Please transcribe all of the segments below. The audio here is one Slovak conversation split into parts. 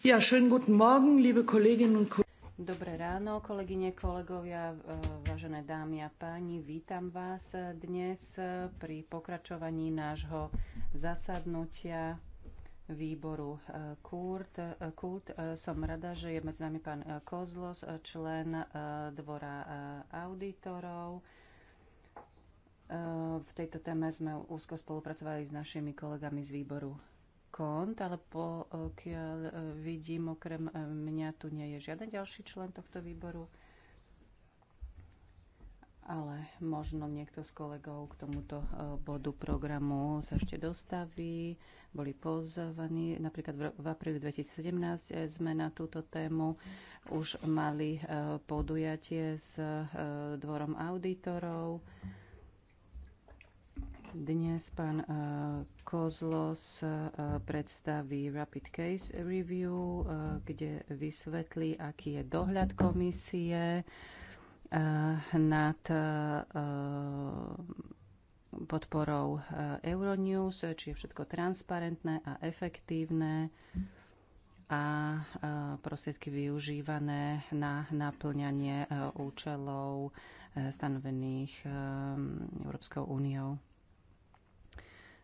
Ja, schönen guten Morgen, liebe Kolleginnen und Kollegen. Dobré ráno, kolegyne, kolegovia, e, vážené dámy a páni. Vítam vás e, dnes e, pri pokračovaní nášho zasadnutia výboru Kurt. Kurt. Som rada, že je medzi nami pán Kozlos, člen dvora auditorov. V tejto téme sme úzko spolupracovali s našimi kolegami z výboru kont, ale pokiaľ eh, eh, vidím, okrem eh, mňa tu nie je žiaden ďalší člen tohto výboru, ale možno niekto z kolegov k tomuto bodu programu sa ešte dostaví. Boli pozvaní, napríklad v apríli 2017 sme na túto tému už mali podujatie s dvorom auditorov. Mm. Dnes pán eh, Kozlos eh, predstaví Rapid Case Review, eh, kde vysvetlí, aký je dohľad komisie nad podporou Euronews, či je všetko transparentné a efektívne a prostriedky využívané na naplňanie účelov stanovených Európskou úniou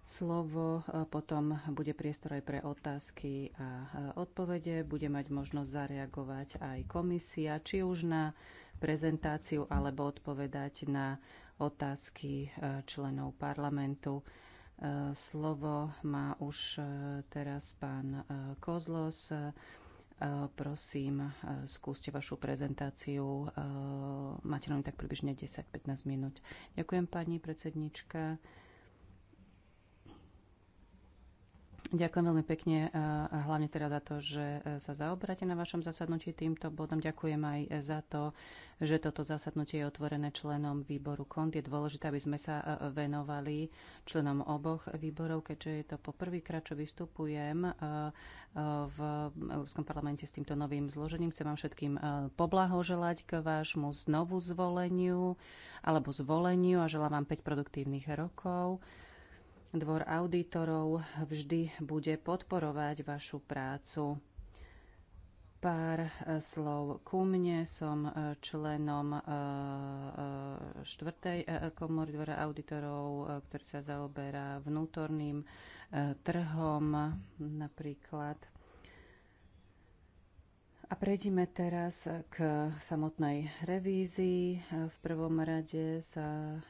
slovo, potom bude priestor aj pre otázky a odpovede. Bude mať možnosť zareagovať aj komisia, či už na prezentáciu, alebo odpovedať na otázky e, členov parlamentu. E, slovo má už e, teraz pán Kozlos. Prosím, skúste vašu prezentáciu. Máte len tak približne 10-15 minút. Ďakujem, pani predsednička. Ďakujem veľmi pekne a hlavne teda za to, že e, sa zaoberáte na vašom zasadnutí týmto bodom. Ďakujem aj za to, že toto zasadnutie je otvorené členom výboru KONT. Je dôležité, aby sme sa e, venovali členom oboch výborov, keďže je to poprvýkrát, čo vystupujem e, v Európskom parlamente s týmto novým zložením. Chcem vám všetkým poblahoželať k vášmu znovu zvoleniu alebo zvoleniu a želám vám 5 produktívnych rokov. Dvor auditorov vždy bude podporovať vašu prácu. Pár e, slov ku mne. Som e, členom e, štvrtej komory dvora auditorov, ktorý sa zaoberá vnútorným trhom napríklad a prejdime teraz k samotnej revízii. V prvom rade sa eh,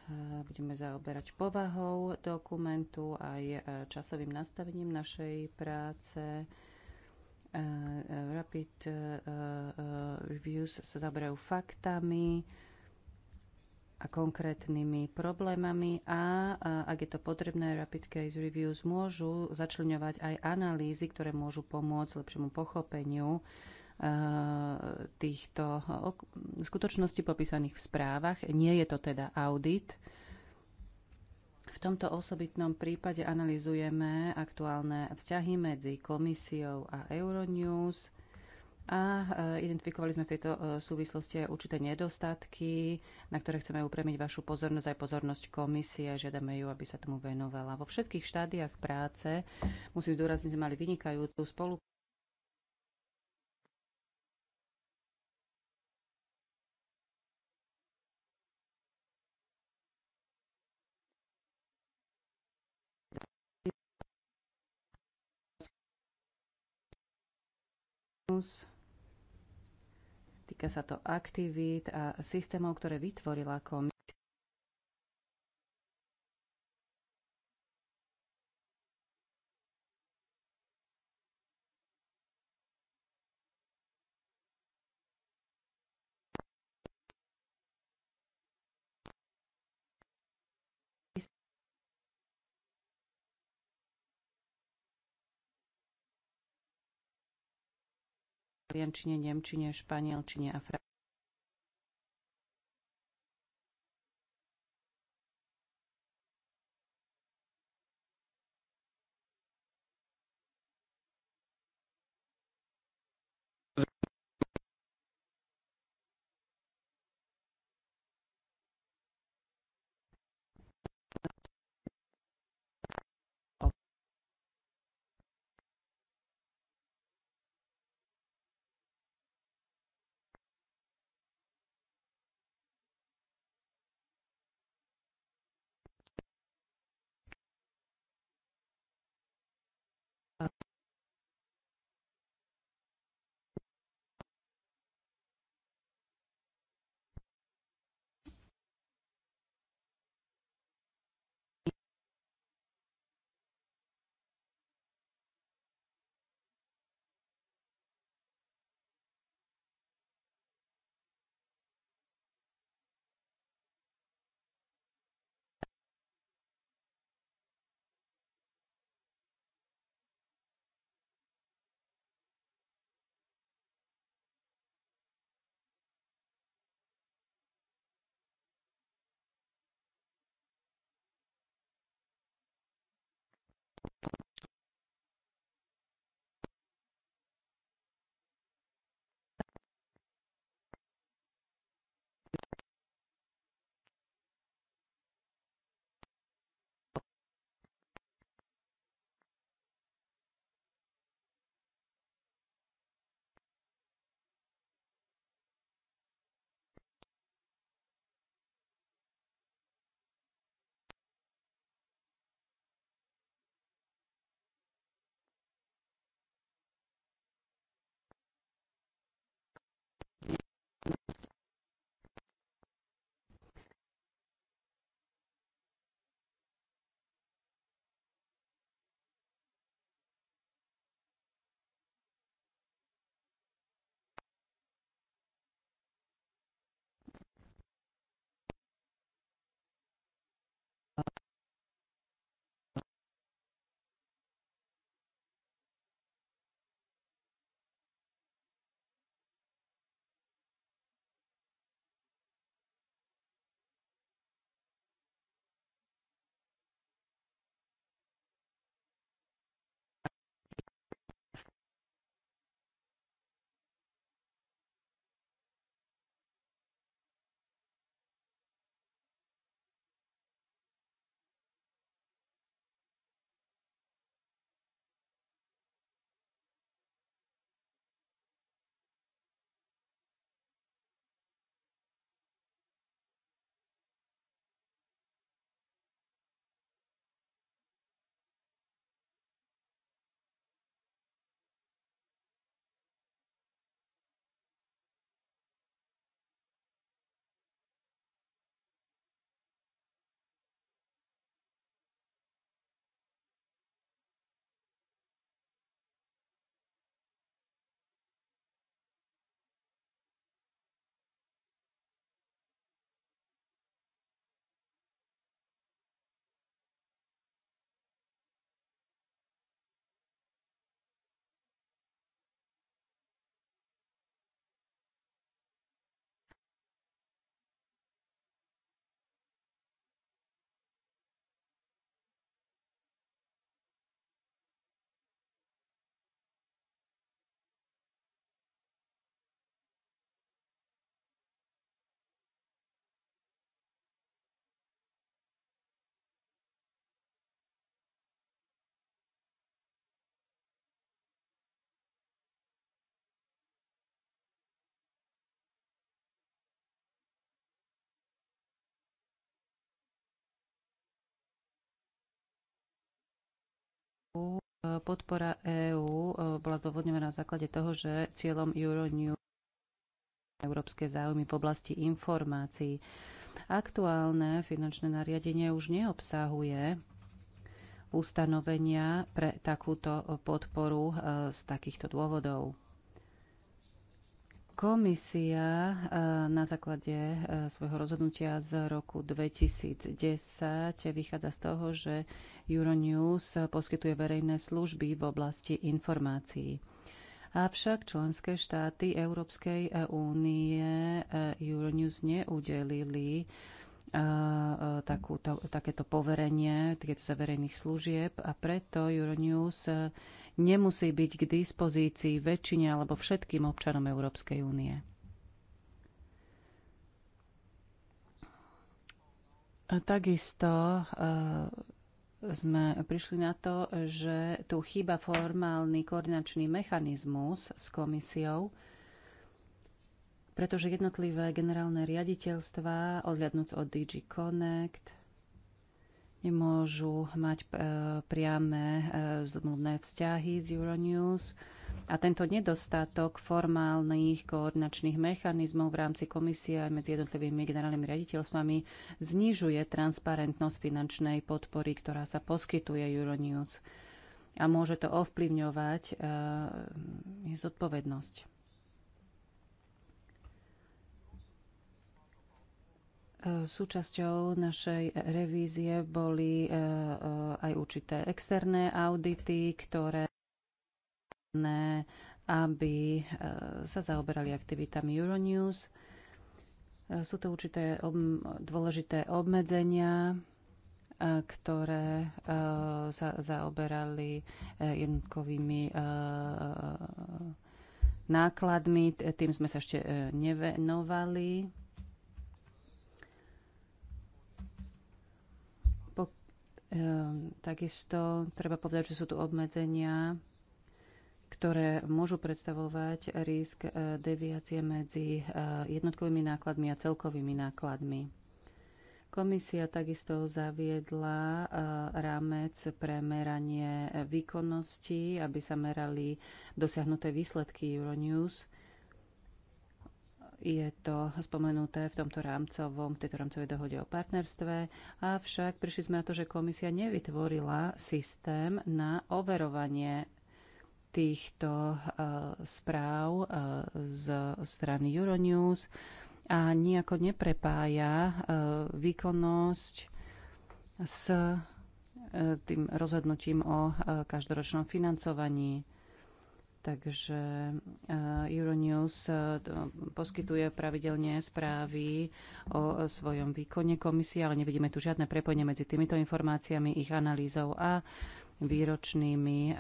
budeme zaoberať povahou dokumentu aj eh, časovým nastavením našej práce. Eh, Rapid Reviews sa zaberajú faktami a konkrétnymi problémami a, ak je to potrebné, Rapid Case Reviews môžu začlňovať aj analýzy, ktoré môžu pomôcť lepšiemu pochopeniu Eh, týchto skutočností popísaných v správach. Nie je to teda audit. V tomto osobitnom prípade analizujeme aktuálne vzťahy medzi komisiou a Euronews a eh, identifikovali sme v tejto eh, súvislosti aj určité nedostatky, na ktoré chceme upremiť vašu pozornosť aj pozornosť komisie. Žiadame ju, aby sa tomu venovala. Vo všetkých štádiách práce, musím zdôrazniť, že mali vynikajúcu spoluprácu Erasmus. Týka sa to aktivít a systémov, ktoré vytvorila komisia taliančine, nemčine, španielčine a francúzštine. E, podpora EÚ e, bola zdôvodňovaná na základe toho, že cieľom Euronew európske záujmy v oblasti informácií. Aktuálne finančné nariadenie už neobsahuje ustanovenia pre takúto podporu e, z takýchto dôvodov. Komisia e, na základe e, svojho rozhodnutia z roku 2010 vychádza z toho, že Euronews poskytuje verejné služby v oblasti informácií. Avšak členské štáty Európskej e, únie Euronews neudelili takúto, takéto poverenie takéto sa verejných služieb a preto Euronews nemusí byť k dispozícii väčšine alebo všetkým občanom Európskej únie. A takisto e, sme prišli na to, že tu chýba formálny koordinačný mechanizmus s komisiou, pretože jednotlivé generálne riaditeľstva, odhľadnúc od DG Connect, nemôžu mať e, priame e, zmluvné vzťahy z Euronews. A tento nedostatok formálnych koordinačných mechanizmov v rámci komisie aj medzi jednotlivými generálnymi riaditeľstvami znižuje transparentnosť finančnej podpory, ktorá sa poskytuje Euronews. A môže to ovplyvňovať uh, e, zodpovednosť. Súčasťou našej revízie boli eh, eh, aj určité externé audity, ktoré aby eh, sa zaoberali aktivitami Euronews. Sú to určité dôležité obmedzenia, ktoré sa zaoberali jednotkovými nákladmi. Tým sme sa ešte nevenovali. Ehm, takisto treba povedať, že sú tu obmedzenia, ktoré môžu predstavovať risk eh, deviácie medzi eh, jednotkovými nákladmi a celkovými nákladmi. Komisia takisto zaviedla eh, rámec pre meranie výkonnosti, aby sa merali dosiahnuté výsledky Euronews – je to spomenuté v tomto rámcovom, v tejto rámcovej dohode o partnerstve. Avšak prišli sme na to, že komisia nevytvorila systém na overovanie týchto e, správ e, z strany Euronews a nejako neprepája e, výkonnosť s tým rozhodnutím o každoročnom financovaní. Takže eh, Euronews eh, poskytuje pravidelne správy o eh, svojom výkone komisie, ale nevidíme tu žiadne prepojenie medzi týmito informáciami, ich analýzou a výročnými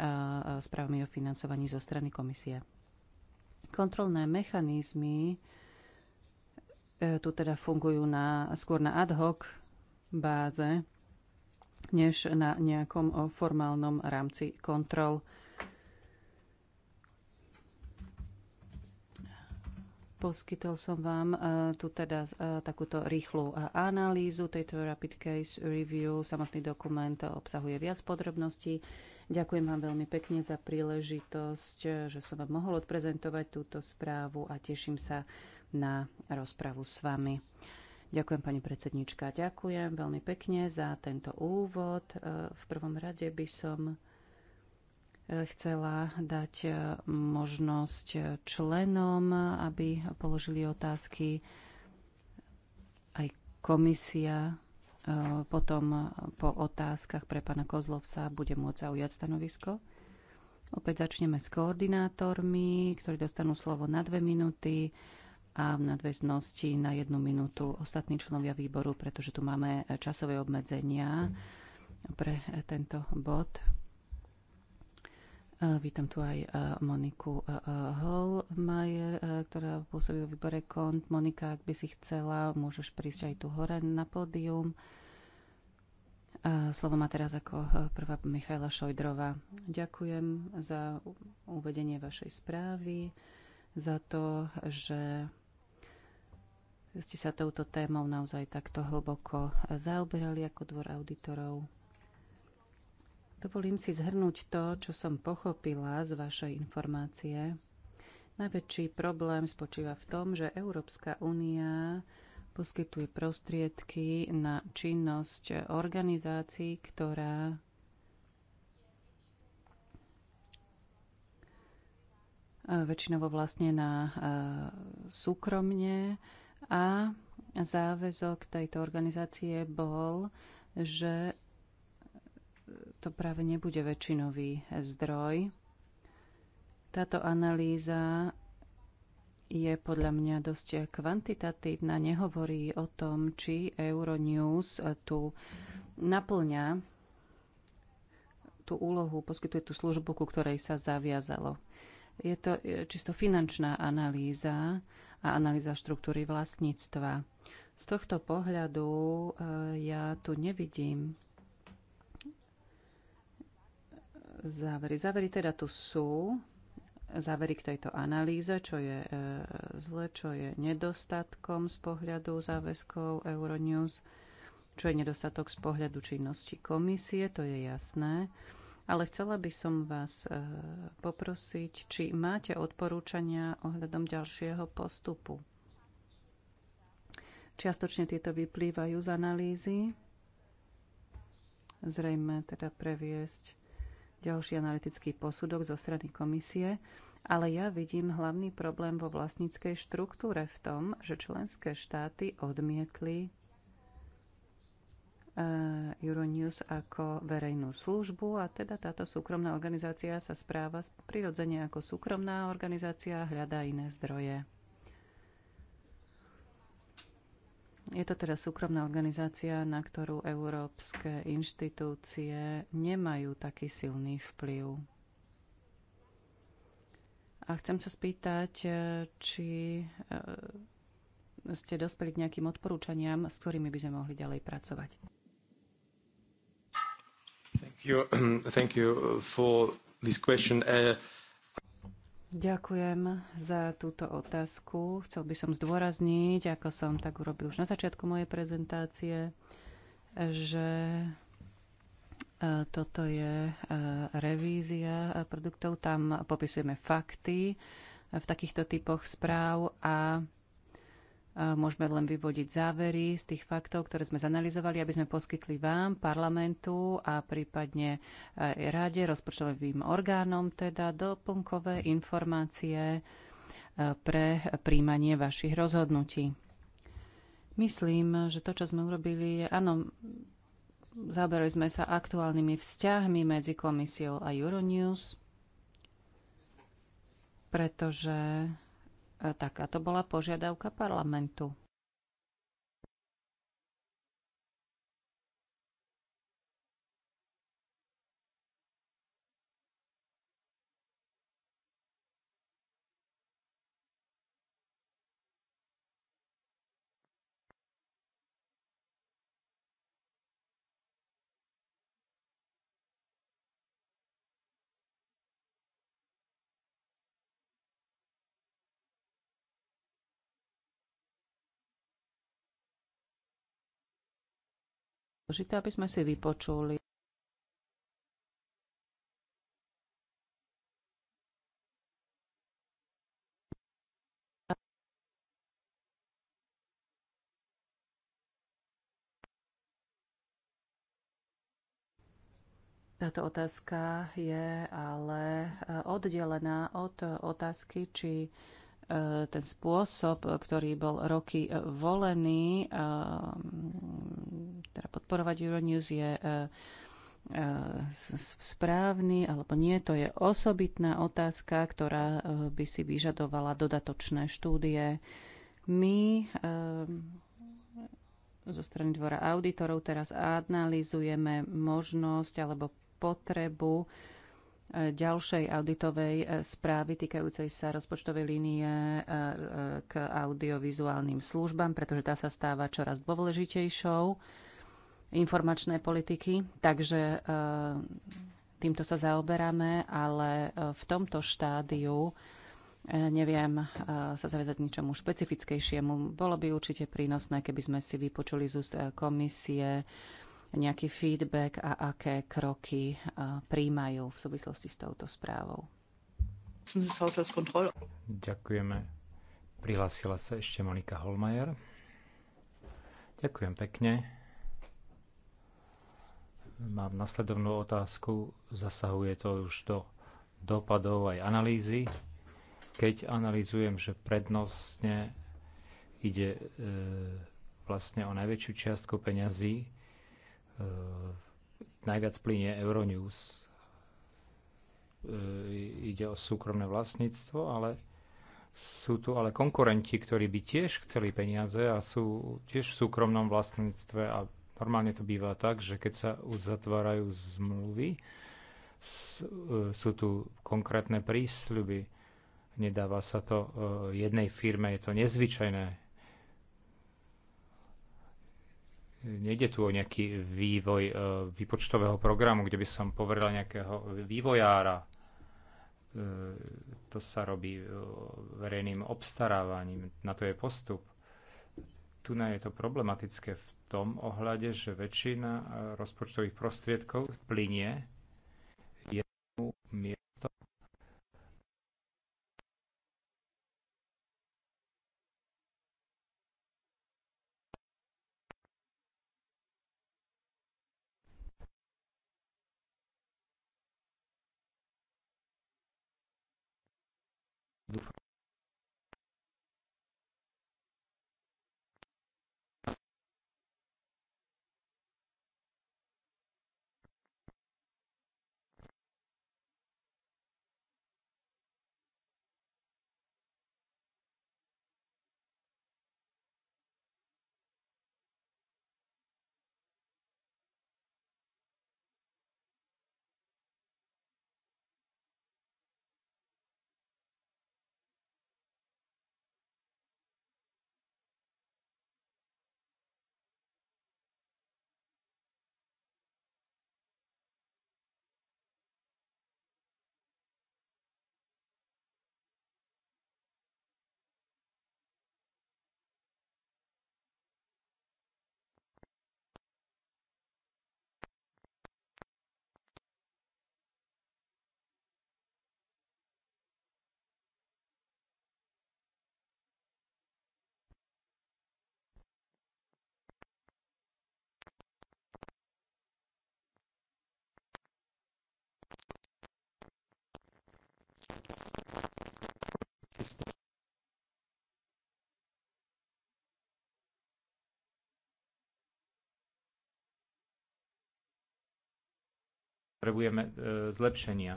správami o financovaní zo strany komisie. Kontrolné mechanizmy tu teda fungujú na, skôr na ad hoc báze, než na nejakom formálnom rámci kontrol Poskytol som vám e, tu teda e, takúto rýchlu e, analýzu tejto Rapid Case Review. Samotný dokument obsahuje viac podrobností. Ďakujem vám veľmi pekne za príležitosť, že som vám mohol odprezentovať túto správu a teším sa na rozpravu s vami. Ďakujem, pani predsednička. Ďakujem veľmi pekne za tento úvod. V prvom rade by som chcela dať e, možnosť e, členom, aby položili otázky. Aj komisia e, potom po otázkach pre pána Kozlovca bude môcť zaujať stanovisko. Opäť začneme s koordinátormi, ktorí dostanú slovo na dve minúty a v nadväznosti na jednu minútu ostatní členovia výboru, pretože tu máme časové obmedzenia pre tento bod. Vítam tu aj e, Moniku e, e, Holmajer, ktorá pôsobí v výbore KONT. Monika, ak by si chcela, môžeš prísť aj tu hore na pódium. Slovo má teraz ako prvá Michaela Šojdrova. Ďakujem za uvedenie vašej správy, za to, že ste sa touto témou naozaj takto hlboko zaoberali ako dvor auditorov. Dovolím si zhrnúť to, čo som pochopila z vašej informácie. Najväčší problém spočíva v tom, že Európska únia poskytuje prostriedky na činnosť organizácií, ktorá väčšinovo vlastne na e, súkromne a záväzok tejto organizácie bol, že to práve nebude väčšinový zdroj. Táto analýza je podľa mňa dosť kvantitatívna, nehovorí o tom, či Euronews tu naplňa tú úlohu, poskytuje tú službu, ku ktorej sa zaviazalo. Je to e, čisto finančná analýza a analýza štruktúry vlastníctva. Z tohto pohľadu e, ja tu nevidím závery. Závery teda tu sú. Závery k tejto analýze, čo je e, zle, čo je nedostatkom z pohľadu záväzkov Euronews, čo je nedostatok z pohľadu činnosti komisie, to je jasné. Ale chcela by som vás e, poprosiť, či máte odporúčania ohľadom ďalšieho postupu. Čiastočne tieto vyplývajú z analýzy. Zrejme teda previesť ďalší analytický posudok zo strany komisie, ale ja vidím hlavný problém vo vlastníckej štruktúre v tom, že členské štáty odmietli eh, Euronews ako verejnú službu a teda táto súkromná organizácia sa správa prirodzene ako súkromná organizácia a hľadá iné zdroje. Je to teda súkromná organizácia, na ktorú európske inštitúcie nemajú taký silný vplyv. A chcem sa spýtať, e, či e, ste dospeli k nejakým odporúčaniam, s ktorými by sme mohli ďalej pracovať. Thank you. Thank you for this question. Uh, Ďakujem za túto otázku. Chcel by som zdôrazniť, ako som tak urobil už na začiatku mojej prezentácie, že e, toto je e, revízia e, produktov. Tam popisujeme fakty v takýchto typoch správ a Môžeme len vyvodiť závery z tých faktov, ktoré sme zanalizovali, aby sme poskytli vám, parlamentu a prípadne e, rade, rozpočtovým orgánom, teda doplnkové informácie e, pre príjmanie vašich rozhodnutí. Myslím, že to, čo sme urobili, je, áno, zaberali sme sa aktuálnymi vzťahmi medzi komisiou a Euronews, pretože E, Taká to bola požiadavka parlamentu. dôležité, aby sme si vypočuli Táto otázka je ale eh, oddelená od otázky, či eh, ten spôsob, ktorý bol roky eh, volený podporovať Euronews je e, e, správny alebo nie. To je osobitná otázka, ktorá e, by si vyžadovala dodatočné štúdie. My zo strany dvora auditorov teraz analizujeme možnosť alebo potrebu ďalšej auditovej správy týkajúcej sa rozpočtovej línie k audiovizuálnym službám, pretože tá sa stáva čoraz dôležitejšou informačné politiky, takže e, týmto sa zaoberáme, ale e, v tomto štádiu e, neviem sa zaviazať ničomu špecifickejšiemu. Bolo by určite prínosné, keby sme si vypočuli z úst komisie nejaký feedback a aké kroky príjmajú v súvislosti s touto správou. Ďakujeme. Prihlásila sa ešte Monika Holmajer. Ďakujem pekne. Mám nasledovnú otázku. Zasahuje to už do dopadov aj analýzy. Keď analýzujem, že prednostne ide e, vlastne o najväčšiu čiastku peňazí, e, najviac plynie Euronews, e, ide o súkromné vlastníctvo, ale sú tu ale konkurenti, ktorí by tiež chceli peniaze a sú tiež v súkromnom vlastníctve a Normálne to býva tak, že keď sa uzatvárajú zmluvy, e, sú tu konkrétne prísľuby. Nedáva sa to e, jednej firme, je to nezvyčajné. Nejde tu o nejaký vývoj e, výpočtového programu, kde by som poveril nejakého vývojára. To sa robí verejným obstarávaním, na to je postup. Tu je to problematické v tom ohľade, že väčšina eh, rozpočtových prostriedkov plinie jednu potrebujeme e, zlepšenia.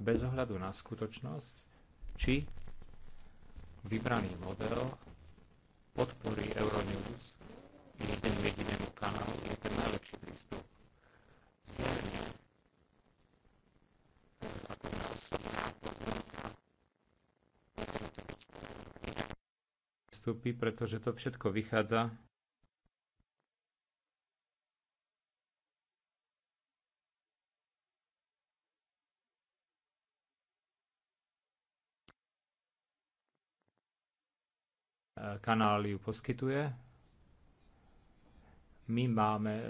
Bez ohľadu na skutočnosť, či vybraný model podporí Euronews jeden jedinému kanálu je ten najlepší prístup. prístupy, pretože to všetko vychádza kanál ju poskytuje. My máme e,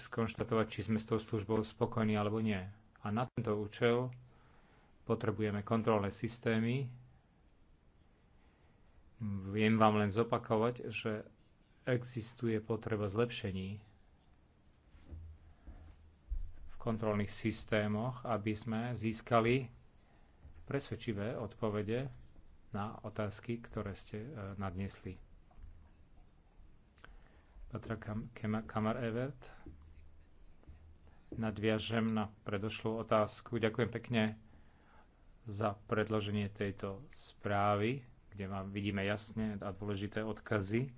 skonštatovať, či sme s tou službou spokojní alebo nie. A na tento účel potrebujeme kontrolné systémy, Viem vám len zopakovať, že existuje potreba zlepšení v kontrolných systémoch, aby sme získali presvedčivé odpovede na otázky, ktoré ste e, nadnesli. Patra Kamar-Evert. Nadviažem na predošlú otázku. Ďakujem pekne za predloženie tejto správy kde vám vidíme jasne a dôležité odkazy.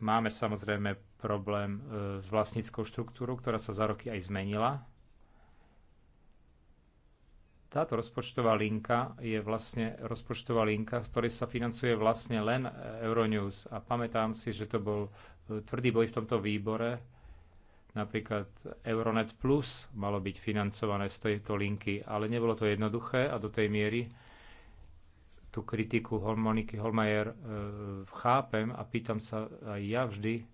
Máme samozrejme problém e, s vlastníckou štruktúrou, ktorá sa za roky aj zmenila. Táto rozpočtová linka je vlastne rozpočtová linka, z ktorej sa financuje vlastne len Euronews. A pamätám si, že to bol e, tvrdý boj v tomto výbore. Napríklad Euronet Plus malo byť financované z tejto linky, ale nebolo to jednoduché a do tej miery tú kritiku Moniky Holmajer e, chápem a pýtam sa aj ja vždy,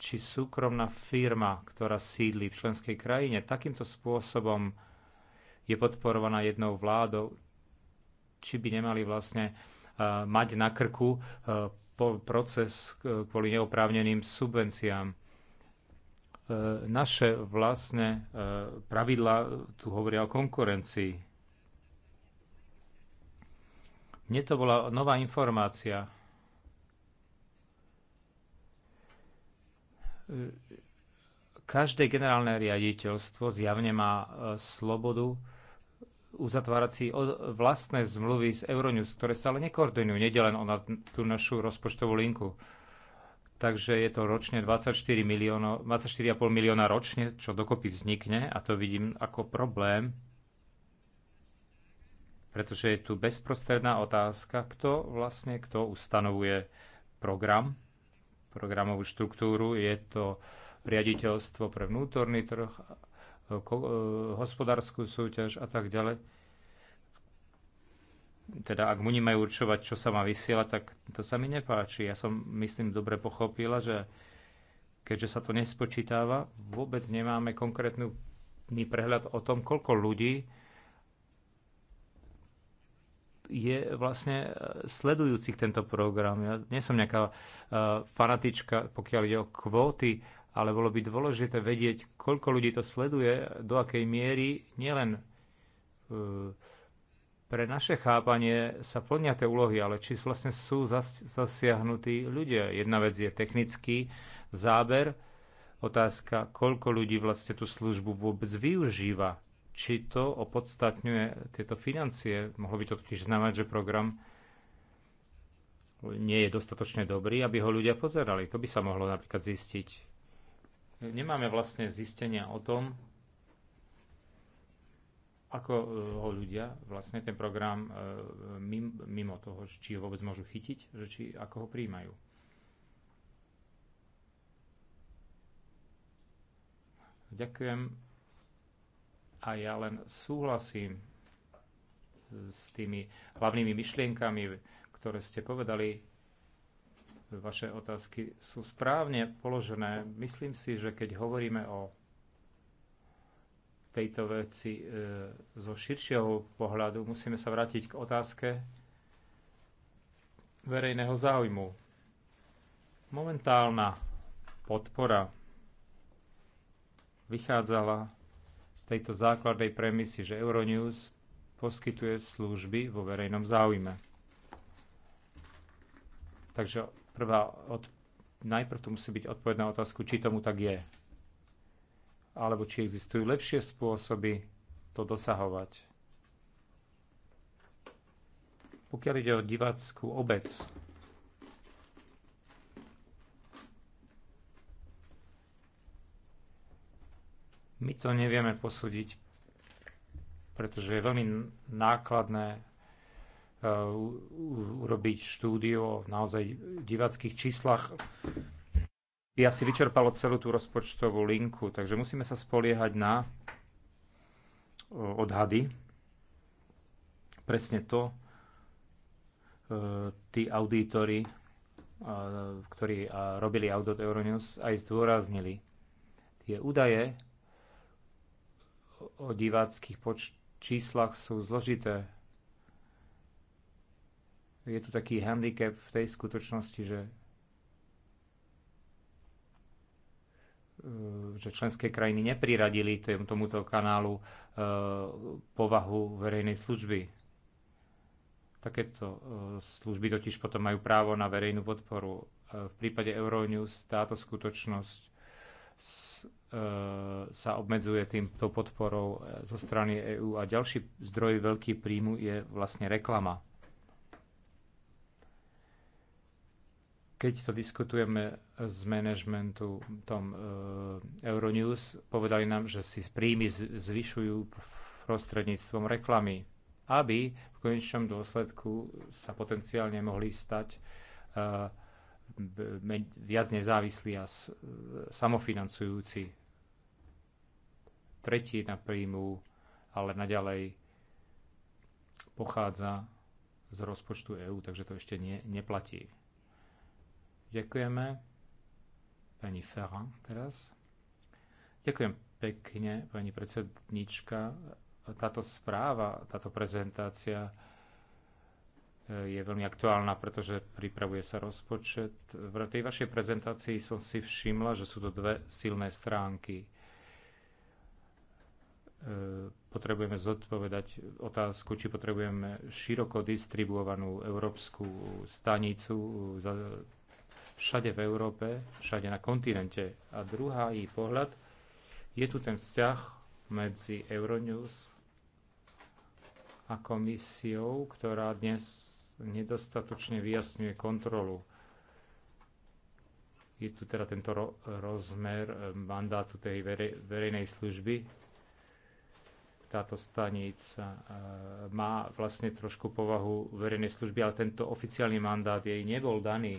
či súkromná firma, ktorá sídli v členskej krajine, takýmto spôsobom je podporovaná jednou vládou, či by nemali vlastne e, mať na krku e, proces kvôli neoprávneným subvenciám. Naše vlastne pravidla tu hovoria o konkurencii mne to bola nová informácia. Každé generálne riaditeľstvo zjavne má e, slobodu uzatvárať si vlastné zmluvy z Euronews, ktoré sa ale nekoordinujú, nede len na tú našu rozpočtovú linku. Takže je to ročne 24 miliónov, 24,5 milióna ročne, čo dokopy vznikne a to vidím ako problém pretože je tu bezprostredná otázka, kto vlastne kto ustanovuje program, programovú štruktúru. Je to riaditeľstvo pre vnútorný trh, e, hospodárskú súťaž a tak ďalej. Teda ak oni majú určovať, čo sa má vysielať, tak to sa mi nepáči. Ja som, myslím, dobre pochopila, že keďže sa to nespočítava, vôbec nemáme konkrétny prehľad o tom, koľko ľudí je vlastne e, sledujúcich tento program. Ja nie som nejaká e, fanatička, pokiaľ ide o kvóty, ale bolo by dôležité vedieť, koľko ľudí to sleduje, do akej miery nielen e, pre naše chápanie sa plnia tie úlohy, ale či vlastne sú zasiahnutí ľudia. Jedna vec je technický záber, otázka, koľko ľudí vlastne tú službu vôbec využíva či to opodstatňuje tieto financie. Mohlo by to totiž znamenať, že program nie je dostatočne dobrý, aby ho ľudia pozerali. To by sa mohlo napríklad zistiť. Nemáme vlastne zistenia o tom, ako e, ho ľudia vlastne ten program e, mimo toho, či ho vôbec môžu chytiť, že či, ako ho príjmajú. Ďakujem. A ja len súhlasím s tými hlavnými myšlienkami, ktoré ste povedali. Vaše otázky sú správne položené. Myslím si, že keď hovoríme o tejto veci e, zo širšieho pohľadu, musíme sa vrátiť k otázke verejného záujmu. Momentálna podpora vychádzala z tejto základnej premisy, že Euronews poskytuje služby vo verejnom záujme. Takže prvá od, najprv tu musí byť odpoveď na otázku, či tomu tak je. Alebo či existujú lepšie spôsoby to dosahovať. Pokiaľ ide o divackú obec, My to nevieme posúdiť, pretože je veľmi nákladné e, urobiť štúdiu o naozaj divackých číslach. Ja si vyčerpalo celú tú rozpočtovú linku, takže musíme sa spoliehať na e, odhady. Presne to e, tí auditory, ktorí robili audit Euronews, aj zdôraznili. Tie údaje o diváckých číslach sú zložité. Je tu taký handicap v tej skutočnosti, že e, že členské krajiny nepriradili tomuto kanálu e, povahu verejnej služby. Takéto e, služby totiž potom majú právo na verejnú podporu. V prípade Euronews táto skutočnosť E, sa obmedzuje týmto podporou e, zo strany EÚ a ďalší zdroj veľký príjmu je vlastne reklama. Keď to diskutujeme s manažmentom tom, e, Euronews, povedali nám, že si príjmy zvyšujú prostredníctvom reklamy, aby v konečnom dôsledku sa potenciálne mohli stať uh, viac nezávislí a samofinancujúci. na príjmu ale naďalej pochádza z rozpočtu EÚ, takže to ešte nie, neplatí. Ďakujeme pani Ferran teraz. Ďakujem pekne, pani predsednička. Táto správa, táto prezentácia je veľmi aktuálna, pretože pripravuje sa rozpočet. V tej vašej prezentácii som si všimla, že sú to dve silné stránky. E, potrebujeme zodpovedať otázku, či potrebujeme široko distribuovanú európsku stanicu všade v Európe, všade na kontinente. A druhá jej pohľad, je tu ten vzťah medzi Euronews a komisiou, ktorá dnes nedostatočne vyjasňuje kontrolu. Je tu teda tento ro- rozmer eh, mandátu tej verej, verejnej služby. Táto stanica eh, má vlastne trošku povahu verejnej služby, ale tento oficiálny mandát jej nebol daný.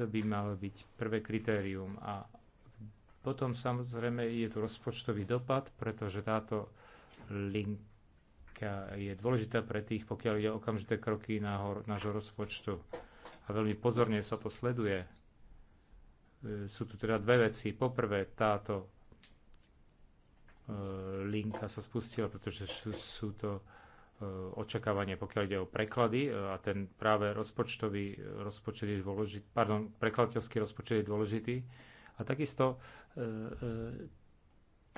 To by malo byť prvé kritérium. A potom samozrejme je tu rozpočtový dopad, pretože táto link aká je dôležitá pre tých, pokiaľ ide okamžité kroky nášho rozpočtu. A veľmi pozorne sa to sleduje. E, sú tu teda dve veci. Poprvé, táto e, linka sa spustila, pretože sú, sú to e, očakávania, pokiaľ ide o preklady a ten práve rozpočtový rozpočet je dôležitý, pardon, prekladateľský rozpočet je dôležitý a takisto e, e,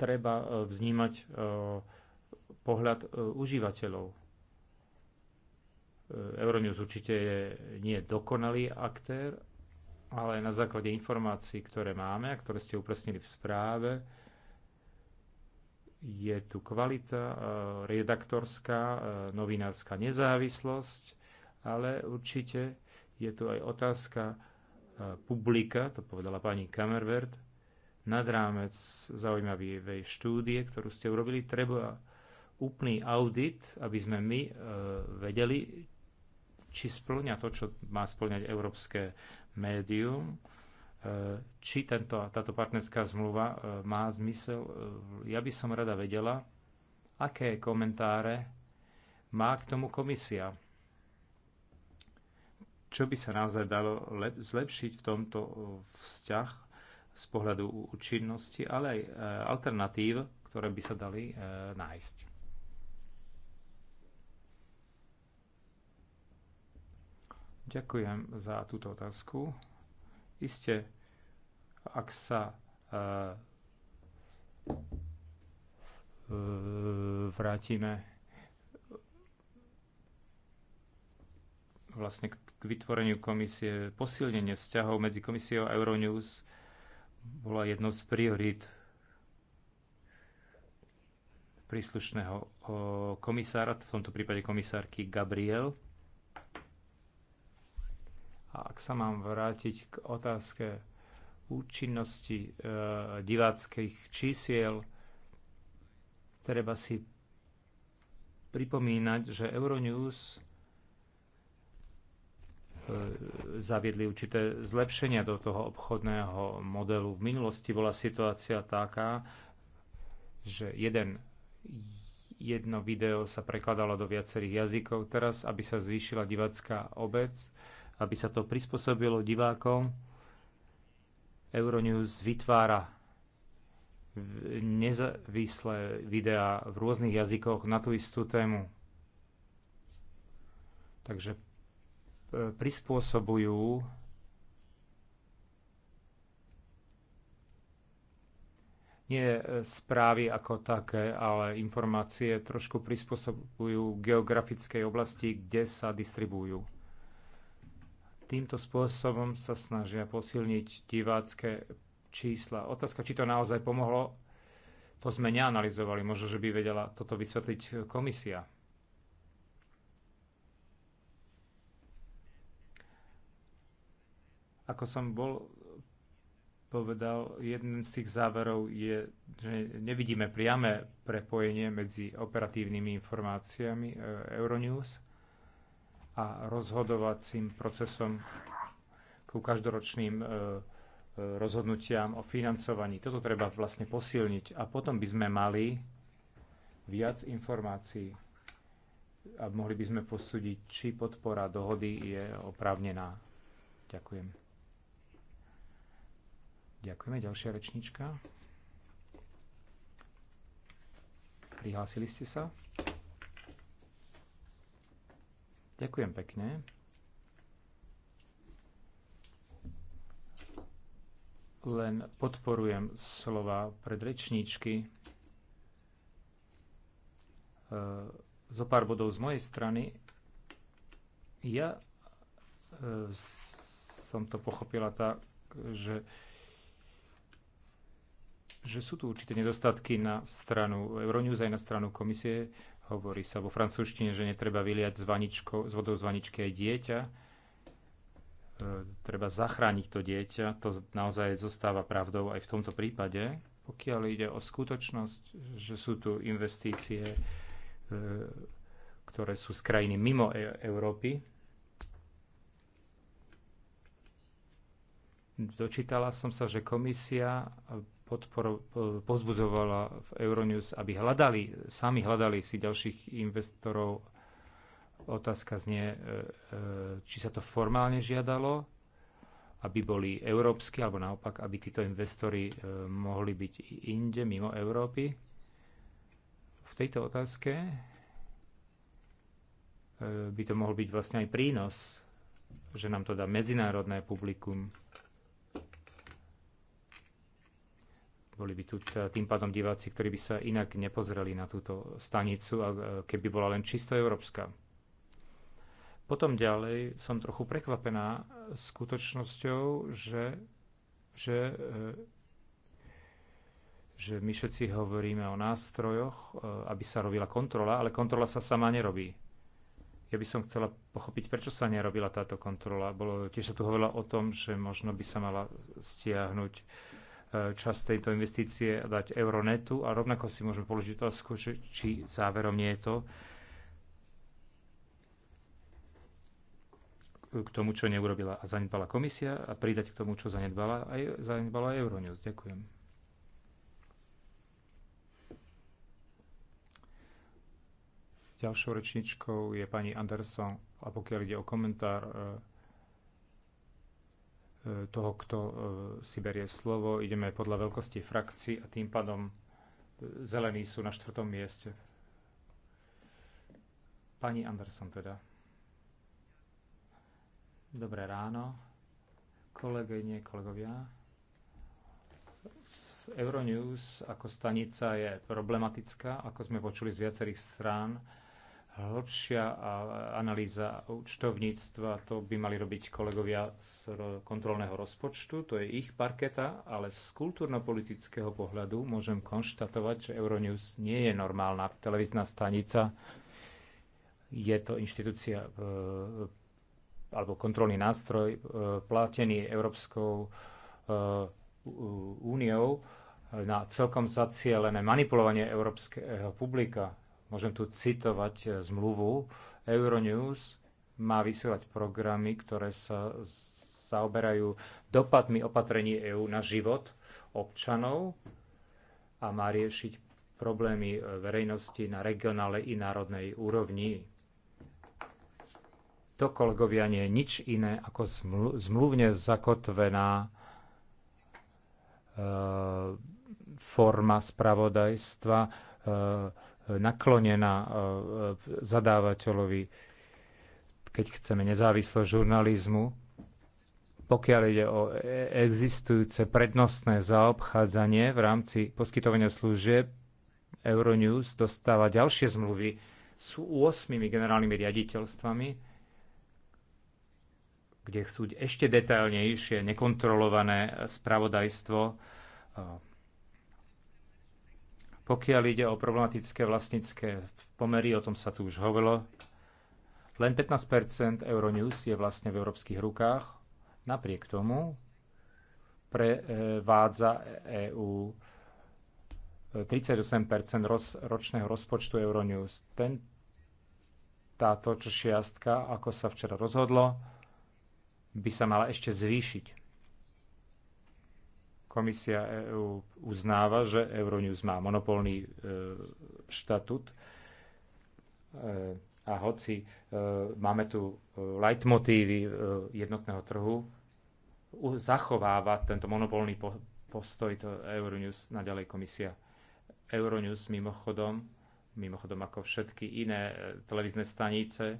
treba vnímať e, pohľad e, užívateľov. E, Euronews určite je nie dokonalý aktér, ale na základe informácií, ktoré máme a ktoré ste upresnili v správe, je tu kvalita e, redaktorská, novinárska nezávislosť, ale určite je tu aj otázka publika, to povedala pani Kamervert, nad rámec zaujímavej štúdie, ktorú ste urobili, treba úplný audit, aby sme my e, vedeli, či splňa to, čo má splňať európske médium, e, či tento, táto partnerská zmluva e, má zmysel. Ja by som rada vedela, aké komentáre má k tomu komisia. Čo by sa naozaj dalo zlepšiť v tomto vzťah z pohľadu účinnosti, ale aj alternatív, ktoré by sa dali nájsť. Ďakujem za túto otázku. Isté, ak sa e, vrátime vlastne k vytvoreniu komisie, posilnenie vzťahov medzi komisiou a Euronews bola jednou z priorít príslušného komisára, v tomto prípade komisárky Gabriel. A ak sa mám vrátiť k otázke účinnosti e, diváckých čísiel, treba si pripomínať, že Euronews e, zaviedli určité zlepšenia do toho obchodného modelu. V minulosti bola situácia taká, že jeden, jedno video sa prekladalo do viacerých jazykov. Teraz, aby sa zvýšila divacká obec, aby sa to prispôsobilo divákom. Euronews vytvára nezávislé videá v rôznych jazykoch na tú istú tému. Takže e, prispôsobujú nie e, správy ako také, ale informácie trošku prispôsobujú geografickej oblasti, kde sa distribujú. Týmto spôsobom sa snažia posilniť divácké čísla. Otázka, či to naozaj pomohlo, to sme neanalizovali. Možno, že by vedela toto vysvetliť komisia. Ako som bol povedal, jeden z tých záverov je, že nevidíme priame prepojenie medzi operatívnymi informáciami e, Euronews a rozhodovacím procesom ku každoročným e, e, rozhodnutiam o financovaní. Toto treba vlastne posilniť a potom by sme mali viac informácií a mohli by sme posúdiť, či podpora dohody je oprávnená. Ďakujem. Ďakujeme. Ďalšia rečnička. Prihlásili ste sa? Ďakujem pekne. Len podporujem slova predrečníčky. E, zo pár bodov z mojej strany. Ja e, som to pochopila tak, že že sú tu určité nedostatky na stranu Euronews aj na stranu komisie. Hovorí sa vo francúzštine, že netreba vyliať z, vaničko, z vodou z vaničky aj dieťa. E, treba zachrániť to dieťa. To naozaj zostáva pravdou aj v tomto prípade. Pokiaľ ide o skutočnosť, že sú tu investície, e, ktoré sú z krajiny mimo e Európy, dočítala som sa, že komisia podpor, eh, pozbudzovala v Euronews, aby hľadali, sami hľadali si ďalších investorov. Otázka znie, eh, eh, či sa to formálne žiadalo, aby boli európsky, alebo naopak, aby títo investori mohli byť inde, mimo Európy. V tejto otázke by to mohol byť vlastne aj prínos, že nám to dá medzinárodné publikum, Boli by tu tým pádom diváci, ktorí by sa inak nepozreli na túto stanicu, e, keby bola len čisto európska. Potom ďalej som trochu prekvapená skutočnosťou, že, že, e, že my všetci hovoríme o nástrojoch, e, aby sa robila kontrola, ale kontrola sa sama nerobí. Ja by som chcela pochopiť, prečo sa nerobila táto kontrola. Bolo, tiež sa tu hovorilo o tom, že možno by sa mala stiahnuť Eh, čas tejto investície dať Euronetu a rovnako si môžeme položiť otázku, či záverom nie je to, eh, k tomu, čo neurobila a zanedbala komisia a pridať k tomu, čo zanedbala aj zanedbala Euronews. Ďakujem. Ďalšou rečničkou je pani Anderson a pokiaľ ide o komentár eh, toho, kto e, si berie slovo. Ideme podľa veľkosti frakcií a tým pádom e, zelení sú na štvrtom mieste. Pani Anderson teda. Dobré ráno, kolegyne, kolegovia. Euronews ako stanica je problematická, ako sme počuli z viacerých strán hĺbšia analýza účtovníctva, to by mali robiť kolegovia z kontrolného rozpočtu, to je ich parketa, ale z kultúrno-politického pohľadu môžem konštatovať, že Euronews nie je normálna televízna stanica, je to inštitúcia e, alebo kontrolný nástroj e, platený Európskou e, úniou na celkom zacielené manipulovanie európskeho publika Môžem tu citovať e, zmluvu. Euronews má vysielať programy, ktoré sa zaoberajú dopadmi opatrení EÚ na život občanov a má riešiť problémy e, verejnosti na regionálnej i národnej úrovni. To, kolegovia, nie je nič iné ako zmluvne zakotvená e, forma spravodajstva, naklonená e, e, zadávateľovi, keď chceme nezávislosť žurnalizmu, pokiaľ ide o e, existujúce prednostné zaobchádzanie v rámci poskytovania služieb, Euronews dostáva ďalšie zmluvy s 8 generálnymi riaditeľstvami, kde sú ešte detailnejšie nekontrolované spravodajstvo pokiaľ ide o problematické vlastnícke pomery, o tom sa tu už hovorilo, len 15 Euronews je vlastne v európskych rukách. Napriek tomu prevádza EÚ 38 roz, ročného rozpočtu Euronews. Ten, táto čiastka, ako sa včera rozhodlo, by sa mala ešte zvýšiť. Komisia EÚ uznáva, že Euronews má monopolný e, štatút e, a hoci e, máme tu leitmotívy jednotného trhu, zachováva tento monopolný postoj to Euronews naďalej komisia. Euronews mimochodom, mimochodom ako všetky iné televízne stanice,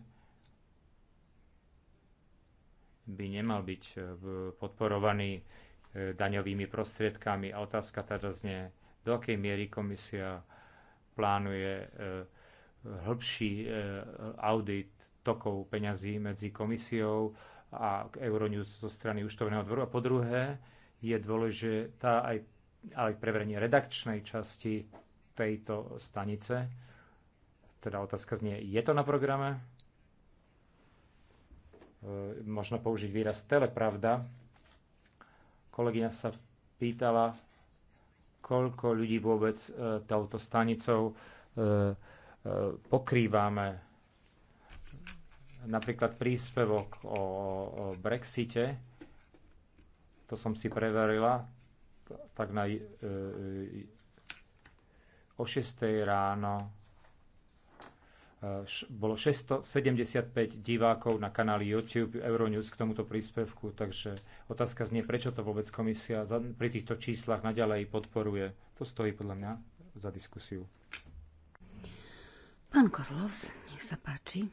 by nemal byť podporovaný E, daňovými prostriedkami. A otázka teda znie, do akej miery komisia plánuje e, hĺbší e, audit tokov peňazí medzi komisiou a Euronews zo strany účtovného dvoru. A po druhé, je dôležitá aj, aj preverenie redakčnej časti tejto stanice. Teda otázka znie, je to na programe? E, možno použiť výraz telepravda, Kolegyňa sa pýtala, koľko ľudí vôbec e, touto stanicou e, e, pokrývame. Napríklad príspevok o Brexite, to som si preverila, tak na, o 6 ráno Eh, bolo 675 divákov na kanáli YouTube Euronews k tomuto príspevku, takže otázka znie, prečo to vôbec komisia pri týchto číslach naďalej podporuje. To stojí podľa mňa za diskusiu. Pán Kozlovs, nech sa páči.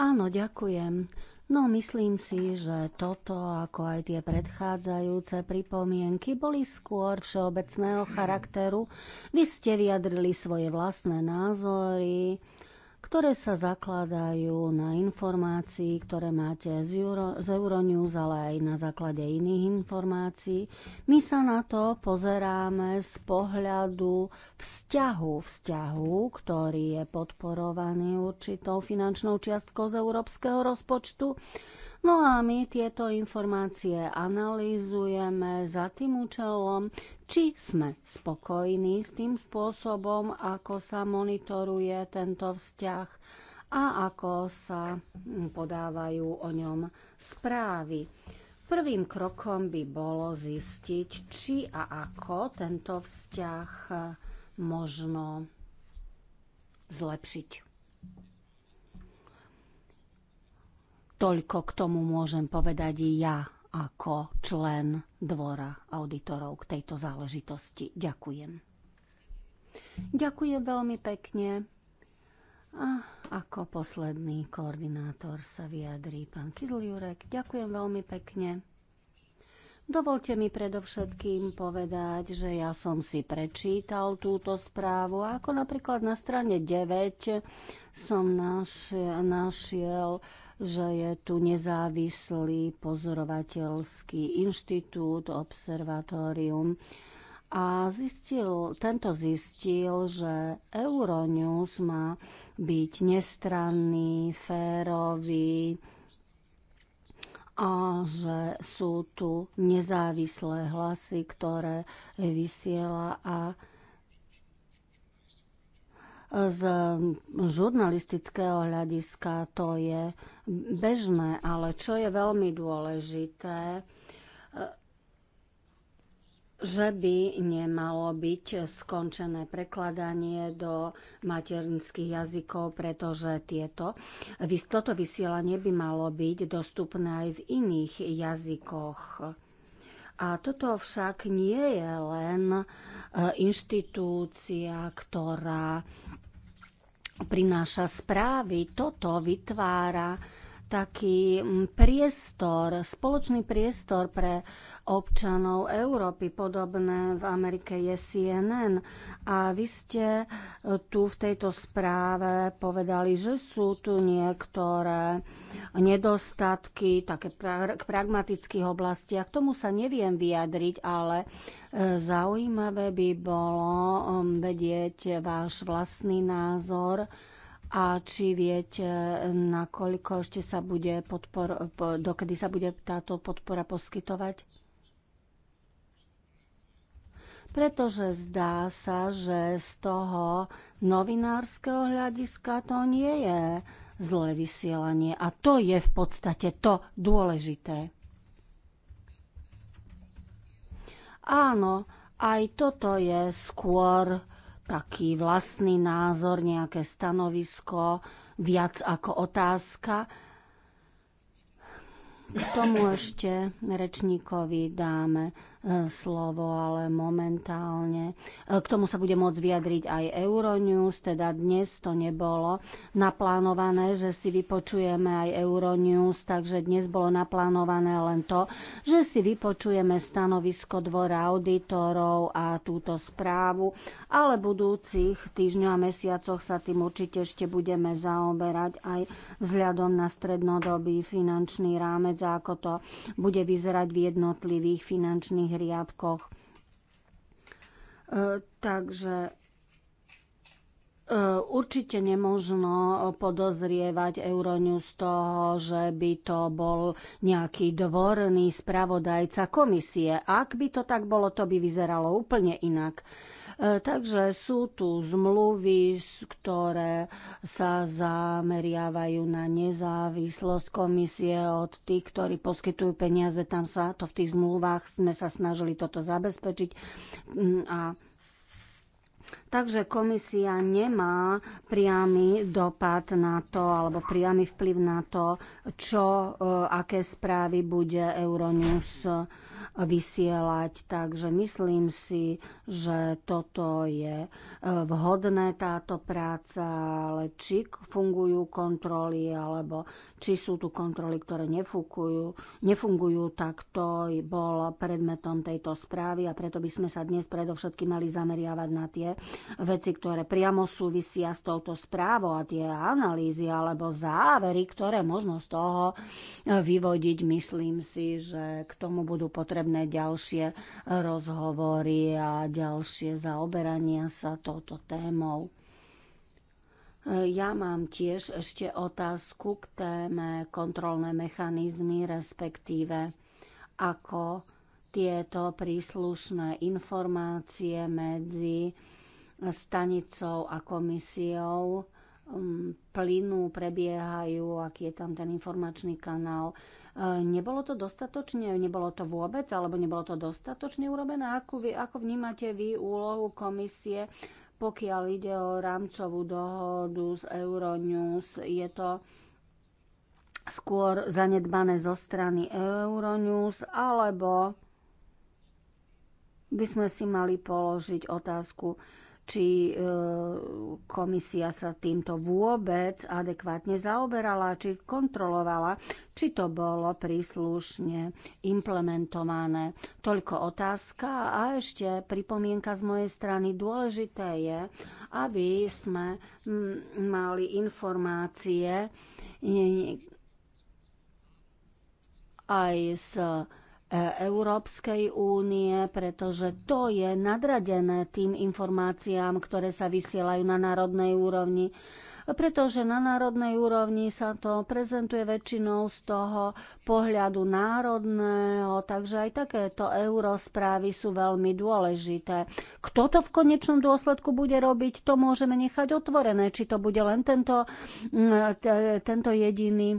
Áno, ďakujem. No myslím si, že toto, ako aj tie predchádzajúce pripomienky, boli skôr všeobecného charakteru. Vy ste vyjadrili svoje vlastné názory, ktoré sa zakladajú na informácií, ktoré máte z, Euro, z Euronews, ale aj na základe iných informácií. My sa na to pozeráme z pohľadu vzťahu, vzťahu, ktorý je podporovaný určitou finančnou čiastkou z európskeho rozpočtu No a my tieto informácie analýzujeme za tým účelom, či sme spokojní s tým spôsobom, ako sa monitoruje tento vzťah a ako sa podávajú o ňom správy. Prvým krokom by bolo zistiť, či a ako tento vzťah možno zlepšiť. Toľko k tomu môžem povedať i ja ako člen dvora auditorov k tejto záležitosti. Ďakujem. Ďakujem veľmi pekne. A ako posledný koordinátor sa vyjadrí pán Kizljurek. Ďakujem veľmi pekne. Dovolte mi predovšetkým povedať, že ja som si prečítal túto správu, ako napríklad na strane 9 som našiel, našiel že je tu nezávislý pozorovateľský inštitút, observatórium, a zistil, tento zistil, že Euronews má byť nestranný, férový a že sú tu nezávislé hlasy, ktoré vysiela a z žurnalistického hľadiska to je bežné, ale čo je veľmi dôležité, e, že by nemalo byť skončené prekladanie do materinských jazykov, pretože tieto, toto vysielanie by malo byť dostupné aj v iných jazykoch. A toto však nie je len e, inštitúcia, ktorá prináša správy. Toto vytvára taký priestor, spoločný priestor pre občanov Európy. Podobné v Amerike je CNN. A vy ste e, tu v tejto správe povedali, že sú tu niektoré nedostatky také pra- k pragmatických oblastiach. K tomu sa neviem vyjadriť, ale e, zaujímavé by bolo um, vedieť váš vlastný názor a či viete, nakoľko ešte sa bude podpor, dokedy sa bude táto podpora poskytovať? pretože zdá sa, že z toho novinárskeho hľadiska to nie je zlé vysielanie. A to je v podstate to dôležité. Áno, aj toto je skôr taký vlastný názor, nejaké stanovisko, viac ako otázka. K tomu ešte rečníkovi dáme E, slovo, ale momentálne. E, k tomu sa bude môcť vyjadriť aj Euronews, teda dnes to nebolo naplánované, že si vypočujeme aj Euronews, takže dnes bolo naplánované len to, že si vypočujeme stanovisko dvora auditorov a túto správu, ale budúcich týždňov a mesiacoch sa tým určite ešte budeme zaoberať aj vzhľadom na strednodobý finančný rámec a ako to bude vyzerať v jednotlivých finančných telesných riadkoch. E, takže e, Určite nemožno podozrievať z toho, že by to bol nejaký dvorný spravodajca komisie. Ak by to tak bolo, to by vyzeralo úplne inak. E, takže sú tu zmluvy, ktoré sa zameriavajú na nezávislosť komisie od tých, ktorí poskytujú peniaze. Tam sa to v tých zmluvách sme sa snažili toto zabezpečiť. Mm, a Takže komisia nemá priamy dopad na to, alebo priamy vplyv na to, čo, e, aké správy bude Euronews vysielať. Takže myslím si, že toto je e, vhodné táto práca, ale či fungujú kontroly, alebo či sú tu kontroly, ktoré nefungujú, nefungujú tak to bol predmetom tejto správy a preto by sme sa dnes predovšetkým mali zameriavať na tie veci, ktoré priamo súvisia s touto správou a tie analýzy alebo závery, ktoré možno z toho e, vyvodiť. Myslím si, že k tomu budú potrebné potrebné ďalšie e, rozhovory a ďalšie zaoberania sa touto témou. E, ja mám tiež ešte otázku k téme kontrolné mechanizmy, respektíve ako tieto príslušné informácie medzi stanicou a komisiou Um, plynu prebiehajú, aký je tam ten informačný kanál. E, nebolo to dostatočne, nebolo to vôbec, alebo nebolo to dostatočne urobené? Ako, vy, ako vnímate vy úlohu komisie, pokiaľ ide o rámcovú dohodu z Euronews? Je to skôr zanedbané zo strany Euronews, alebo by sme si mali položiť otázku, či e, komisia sa týmto vôbec adekvátne zaoberala, či kontrolovala, či to bolo príslušne implementované. Toľko otázka a ešte pripomienka z mojej strany. Dôležité je, aby sme mali informácie e, aj z Európskej únie, pretože to je nadradené tým informáciám, ktoré sa vysielajú na národnej úrovni pretože na národnej úrovni sa to prezentuje väčšinou z toho pohľadu národného, takže aj takéto eurosprávy sú veľmi dôležité. Kto to v konečnom dôsledku bude robiť, to môžeme nechať otvorené, či to bude len tento, mm, tento jediný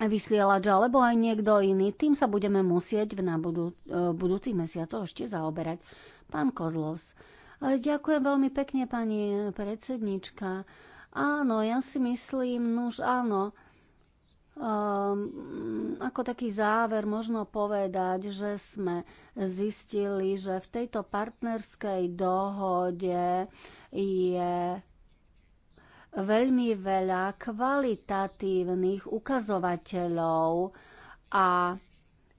vysielač alebo aj niekto iný. Tým sa budeme musieť v budú, e, budúcich mesiacoch ešte zaoberať. Pán Kozlos, e, ďakujem veľmi pekne, pani predsednička. Áno, ja si myslím, nuž áno, Um, ako taký záver možno povedať, že sme zistili, že v tejto partnerskej dohode je veľmi veľa kvalitatívnych ukazovateľov a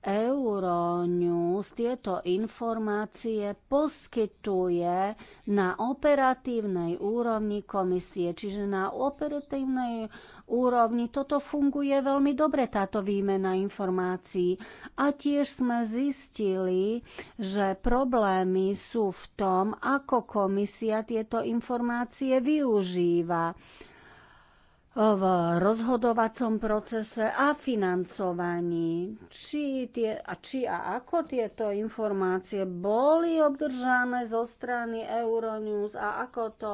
Euronews tieto informácie poskytuje na operatívnej úrovni komisie. Čiže na operatívnej úrovni toto funguje veľmi dobre, táto výmena informácií. A tiež sme zistili, že problémy sú v tom, ako komisia tieto informácie využíva v rozhodovacom procese a financovaní. Či, tie, a či a ako tieto informácie boli obdržané zo strany Euronews a ako to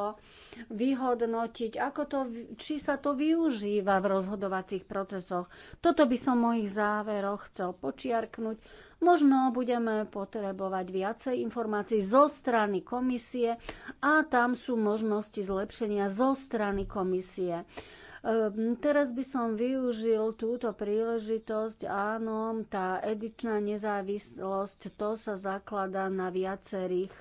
vyhodnotiť, ako to, či sa to využíva v rozhodovacích procesoch. Toto by som v mojich záveroch chcel počiarknúť. Možno budeme potrebovať viacej informácií zo strany komisie a tam sú možnosti zlepšenia zo strany komisie. Ehm, teraz by som využil túto príležitosť. Áno, tá edičná nezávislosť, to sa zaklada na viacerých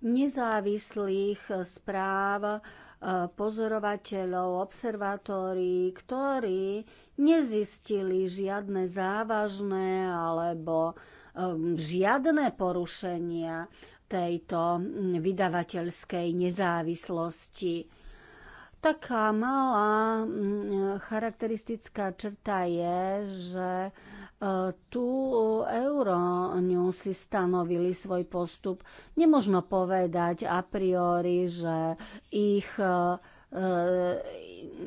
nezávislých správ, e, pozorovateľov, observatórií, ktorí nezistili žiadne závažné alebo ehm, žiadne porušenia tejto vydavateľskej nezávislosti. Taká malá mm, charakteristická črta je, že e, tu Euronews si stanovili svoj postup. Nemožno povedať a priori, že ich e,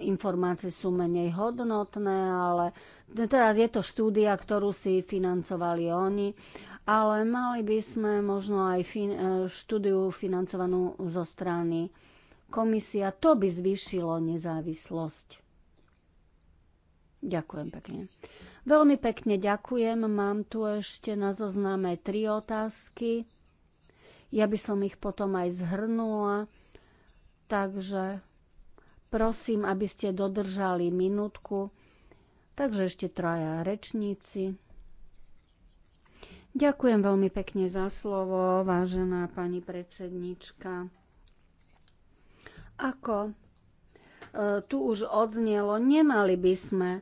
informácie sú menej hodnotné, ale teda je to štúdia, ktorú si financovali oni, ale mali by sme možno aj e, štúdiu financovanú zo strany komisia. To by zvýšilo nezávislosť. Ďakujem pekne. Veľmi pekne ďakujem. Mám tu ešte na zozname tri otázky. Ja by som ich potom aj zhrnula. Takže prosím, aby ste dodržali minútku. Takže ešte traja rečníci. Ďakujem veľmi pekne za slovo, vážená pani predsednička. Ako e, tu už odznelo, nemali by sme e,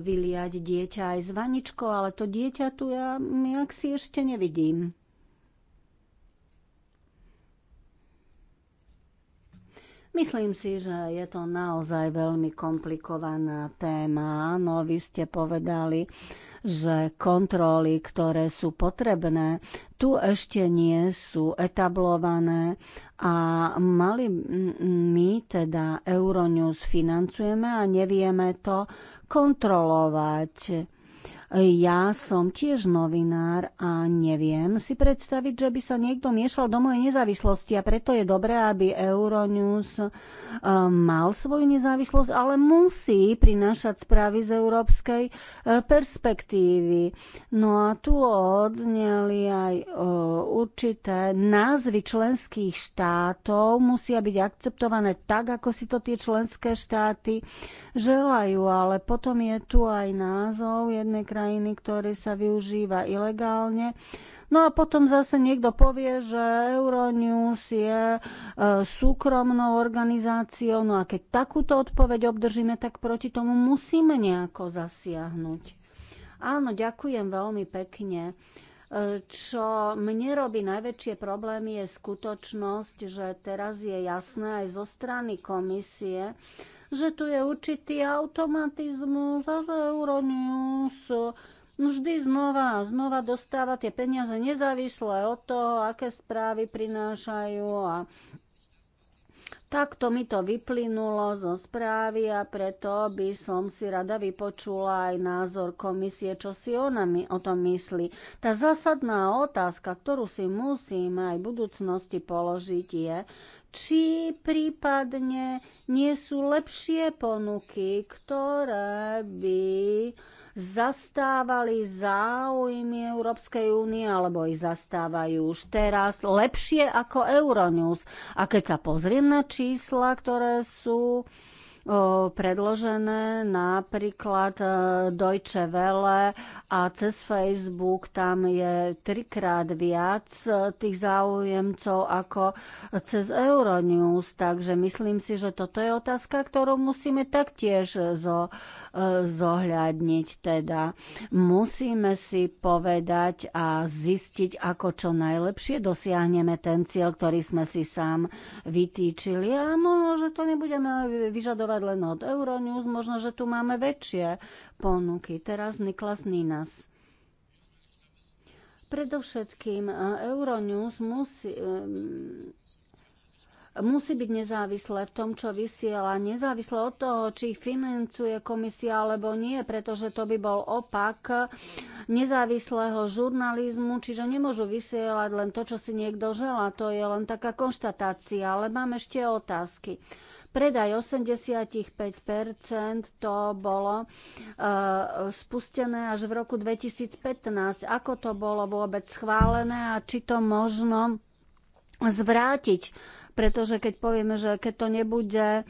vyliať dieťa aj z vaničkou, ale to dieťa tu ja, nejak si ešte nevidím. Myslím si, že je to naozaj veľmi komplikovaná téma. Áno, vy ste povedali, že kontroly, ktoré sú potrebné, tu ešte nie sú etablované a mali my teda Euronews financujeme a nevieme to kontrolovať. Ja som tiež novinár a neviem si predstaviť, že by sa niekto miešal do mojej nezávislosti a preto je dobré, aby Euronews eh, mal svoju nezávislosť, ale musí prinášať správy z európskej eh, perspektívy. No a tu odzneli aj eh, určité názvy členských štátov, musia byť akceptované tak, ako si to tie členské štáty želajú, ale potom je tu aj názov jednej krajiny, ktorý sa využíva ilegálne. No a potom zase niekto povie, že Euronews je e, súkromnou organizáciou. No a keď takúto odpoveď obdržíme, tak proti tomu musíme nejako zasiahnuť. Áno, ďakujem veľmi pekne. E, čo mne robí najväčšie problémy je skutočnosť, že teraz je jasné aj zo strany komisie, že tu je určitý automatizmus a že Euronews vždy znova a znova dostáva tie peniaze nezávisle od toho, aké správy prinášajú a Takto mi to vyplynulo zo správy a preto by som si rada vypočula aj názor komisie, čo si ona mi o tom myslí. Tá zásadná otázka, ktorú si musíme aj v budúcnosti položiť je, či prípadne nie sú lepšie ponuky, ktoré by zastávali záujmy Európskej únie, alebo ich zastávajú už teraz lepšie ako Euronews. A keď sa pozriem na čísla, ktoré sú predložené, napríklad e, Deutsche Welle a cez Facebook tam je trikrát viac e, tých záujemcov ako cez Euronews, takže myslím si, že toto je otázka, ktorú musíme taktiež zo zohľadniť. Teda musíme si povedať a zistiť, ako čo najlepšie dosiahneme ten cieľ, ktorý sme si sám vytýčili. A možno, že to nebudeme vyžadovať len od Euronews, možno, že tu máme väčšie ponuky. Teraz Niklas Ninas. Predovšetkým e, Euronews musí, musí byť nezávislé v tom, čo vysiela, nezávisle od toho, či ich financuje komisia alebo nie, pretože to by bol opak nezávislého žurnalizmu, čiže nemôžu vysielať len to, čo si niekto želá. To je len taká konštatácia, ale mám ešte otázky. Predaj 85% to bolo uh, spustené až v roku 2015. Ako to bolo vôbec schválené a či to možno zvrátiť pretože keď povieme, že keď to nebude e,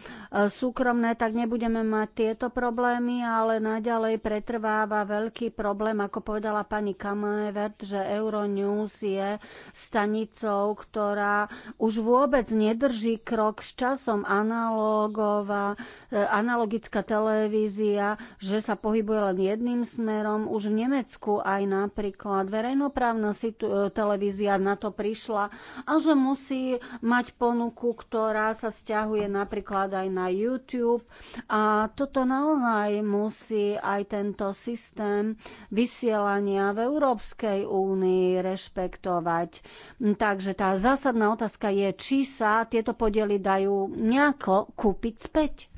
súkromné, tak nebudeme mať tieto problémy, ale naďalej pretrváva veľký problém, ako povedala pani Kamaevert, že Euronews je stanicou, ktorá už vôbec nedrží krok s časom analogová, e, analogická televízia, že sa pohybuje len jedným smerom. Už v Nemecku aj napríklad verejnoprávna e, televízia na to prišla a že musí mať pom- ponuku, ktorá sa stiahuje napríklad aj na YouTube. A toto naozaj musí aj tento systém vysielania v Európskej únii rešpektovať. Takže tá zásadná otázka je, či sa tieto podiely dajú nejako kúpiť späť.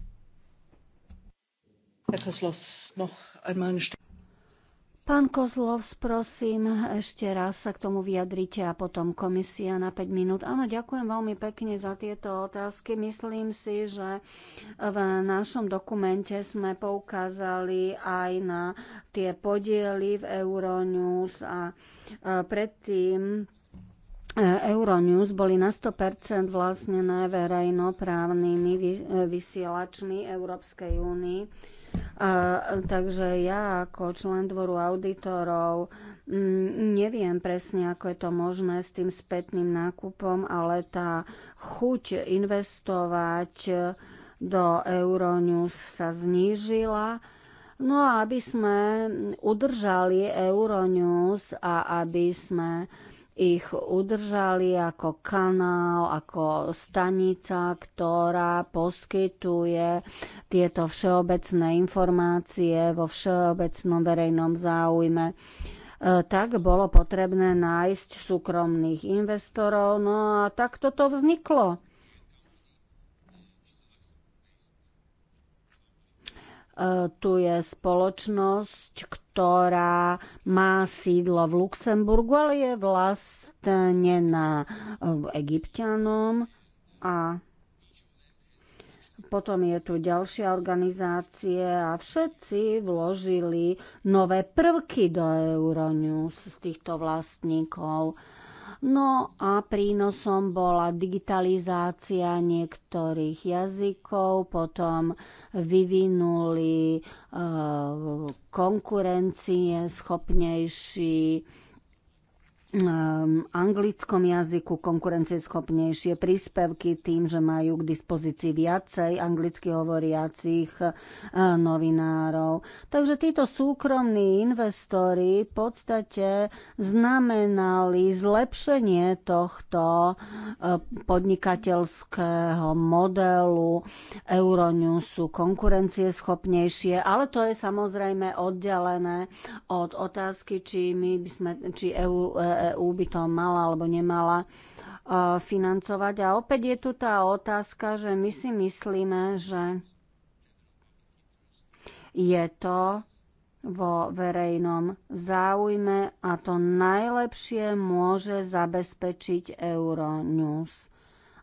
Ja, Pán Kozlov, prosím, ešte raz sa k tomu vyjadrite a potom komisia na 5 minút. Áno, ďakujem veľmi pekne za tieto otázky. Myslím si, že v našom dokumente sme poukázali aj na tie podiely v Euronews a e, predtým e, Euronews boli na 100% vlastnené verejnoprávnymi e, vysielačmi Európskej únii a, takže ja ako člen dvoru auditorov m, mm, neviem presne, ako je to možné s tým spätným nákupom, ale tá chuť investovať do Euronews sa znížila. No a aby sme udržali Euronews a aby sme uh, ich udržali ako kanál, ako stanica, ktorá poskytuje tieto všeobecné informácie vo všeobecnom verejnom záujme e, tak bolo potrebné nájsť súkromných investorov. No a tak toto vzniklo. Tu je spoločnosť, ktorá má sídlo v Luxemburgu, ale je vlastnená eh, egyptianom a potom je tu ďalšia organizácia a všetci vložili nové prvky do Euronews z týchto vlastníkov. No a prínosom bola digitalizácia niektorých jazykov, potom vyvinuli eh, konkurencie schopnejší Ehm, anglickom jazyku konkurencieschopnejšie príspevky tým, že majú k dispozícii viacej anglicky hovoriacich eh, novinárov. Takže títo súkromní investori v podstate znamenali zlepšenie tohto eh, podnikateľského modelu. Euronewsu konkurencieschopnejšie, ale to je samozrejme oddelené od otázky, či, my by sme, či EU, eh, EÚ by to mala alebo nemala e, financovať. A opäť je tu tá otázka, že my si myslíme, že je to vo verejnom záujme a to najlepšie môže zabezpečiť Euronews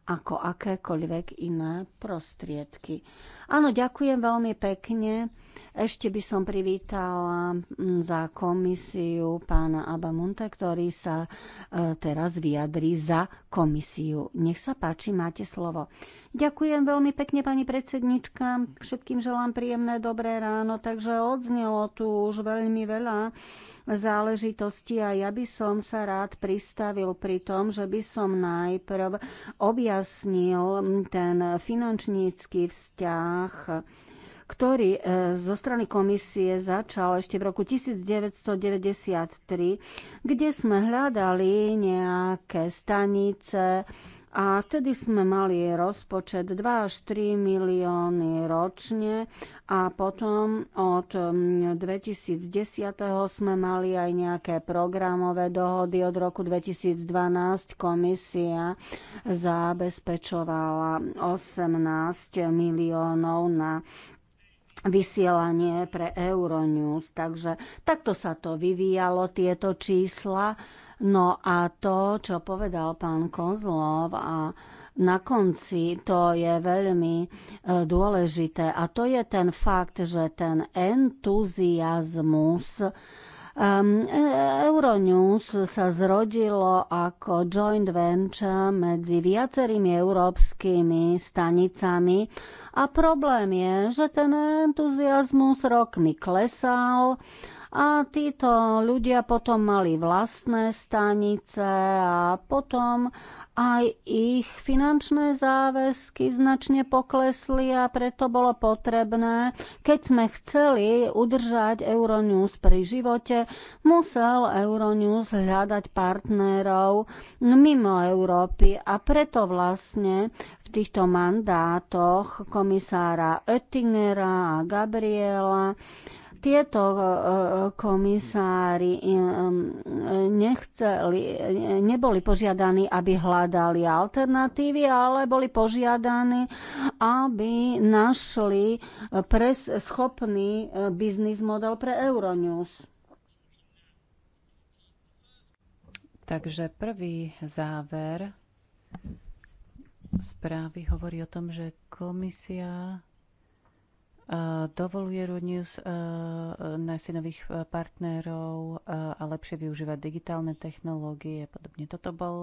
ako akékoľvek iné prostriedky. Áno, ďakujem veľmi pekne. Ešte by som privítala mm, za komisiu pána Abamunta, ktorý sa e, teraz vyjadrí za komisiu. Nech sa páči, máte slovo. Ďakujem veľmi pekne, pani predsednička. Všetkým želám príjemné dobré ráno. Takže odznelo tu už veľmi veľa záležitosti a ja by som sa rád pristavil pri tom, že by som najprv objasnil mm, ten finančnícky vzťah snách ktorý e, zo strany komisie začal ešte v roku 1993, kde sme hľadali nejaké stanice a vtedy sme mali rozpočet 2 až 3 milióny ročne a potom od 2010. Mm, sme mali aj nejaké programové dohody. Od roku 2012 komisia zabezpečovala 18 miliónov na vysielanie pre Euronews. Takže takto sa to vyvíjalo, tieto čísla. No a to, čo povedal pán Kozlov a na konci to je veľmi e, dôležité a to je ten fakt, že ten entuziasmus Um, Euronews sa zrodilo ako joint venture medzi viacerými európskymi stanicami a problém je, že ten entuziasmus rokmi klesal a títo ľudia potom mali vlastné stanice a potom aj ich finančné záväzky značne poklesli a preto bolo potrebné, keď sme chceli udržať Euronews pri živote, musel Euronews hľadať partnerov mimo Európy a preto vlastne v týchto mandátoch komisára Oettingera a Gabriela tieto e, e, komisári nechceli, neboli požiadaní, aby hľadali alternatívy, ale boli požiadaní, aby našli pres schopný e, biznis model pre Euronews. Takže prvý záver správy hovorí o tom, že komisia E, dovoluje Roodnews e, nájsť si e, partnerov a lepšie využívať digitálne technológie a podobne. Toto bol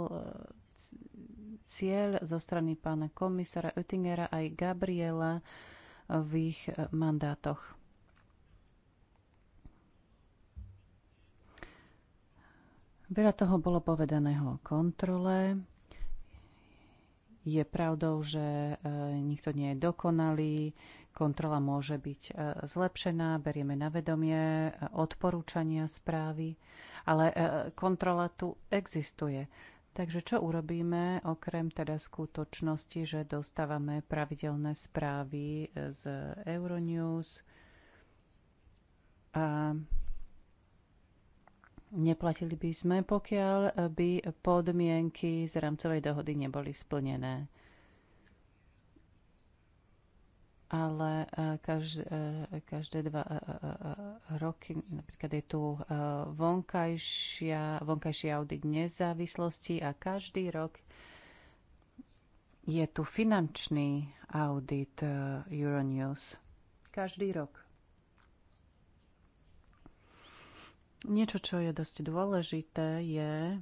cieľ zo strany pána komisára Oettingera aj Gabriela v ich mandátoch. Veľa toho bolo povedaného o kontrole. Je pravdou, že nikto nie je dokonalý, Kontrola môže byť e, zlepšená, berieme na vedomie e, odporúčania správy, ale e, kontrola tu existuje. Takže čo urobíme, okrem teda skutočnosti, že dostávame pravidelné správy z Euronews a Neplatili by sme, pokiaľ by podmienky z rámcovej dohody neboli splnené. ale e, každé, e, každé dva e, roky, napríklad je tu vonkajšia, vonkajší audit nezávislosti a každý rok je tu finančný audit Euronews. Každý rok. Niečo, čo je dosť dôležité, je,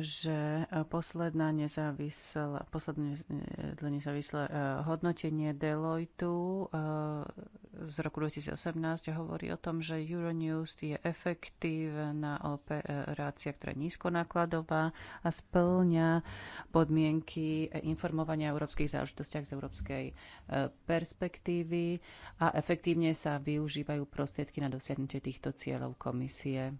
že e, posledná nezávislá, posledné nezávislé e, hodnotenie Deloitu e, z roku 2018 hovorí o tom, že Euronews je efektívna operácia, ktorá je nízkonákladová a splňa podmienky informovania o európskych záležitostiach z európskej perspektívy a efektívne sa využívajú prostriedky na dosiahnutie týchto cieľov komisie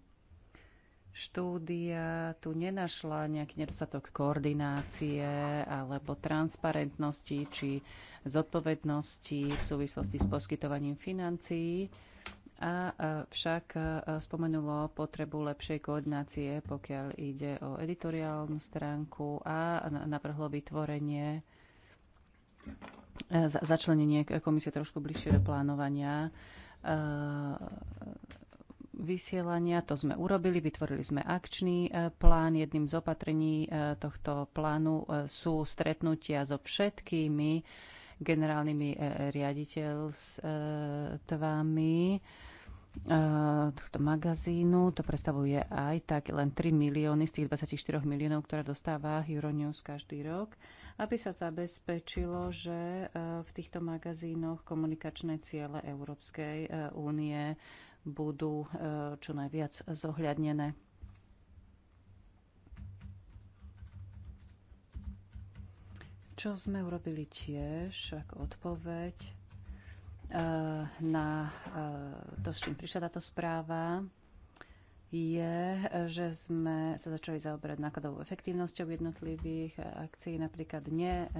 štúdia tu nenašla nejaký nedostatok koordinácie alebo transparentnosti či zodpovednosti v súvislosti s poskytovaním financií a e, však e, spomenulo potrebu lepšej koordinácie, pokiaľ ide o editoriálnu stránku a navrhlo vytvorenie e, začlenenie komisie trošku bližšie do plánovania vysielania. To sme urobili, vytvorili sme akčný e, plán. Jedným z opatrení e, tohto plánu e, sú stretnutia so všetkými generálnymi riaditeľstvami tohto magazínu. To predstavuje aj tak len 3 milióny z tých 24 miliónov, ktoré dostáva Euronews každý rok, aby sa zabezpečilo, že v týchto magazínoch komunikačné ciele Európskej únie budú e, čo najviac zohľadnené. Čo sme urobili tiež ako odpoveď e, na e, to, s čím prišla táto správa, je, že sme sa začali zaoberať nákladovou efektívnosťou jednotlivých akcií, napríklad nie,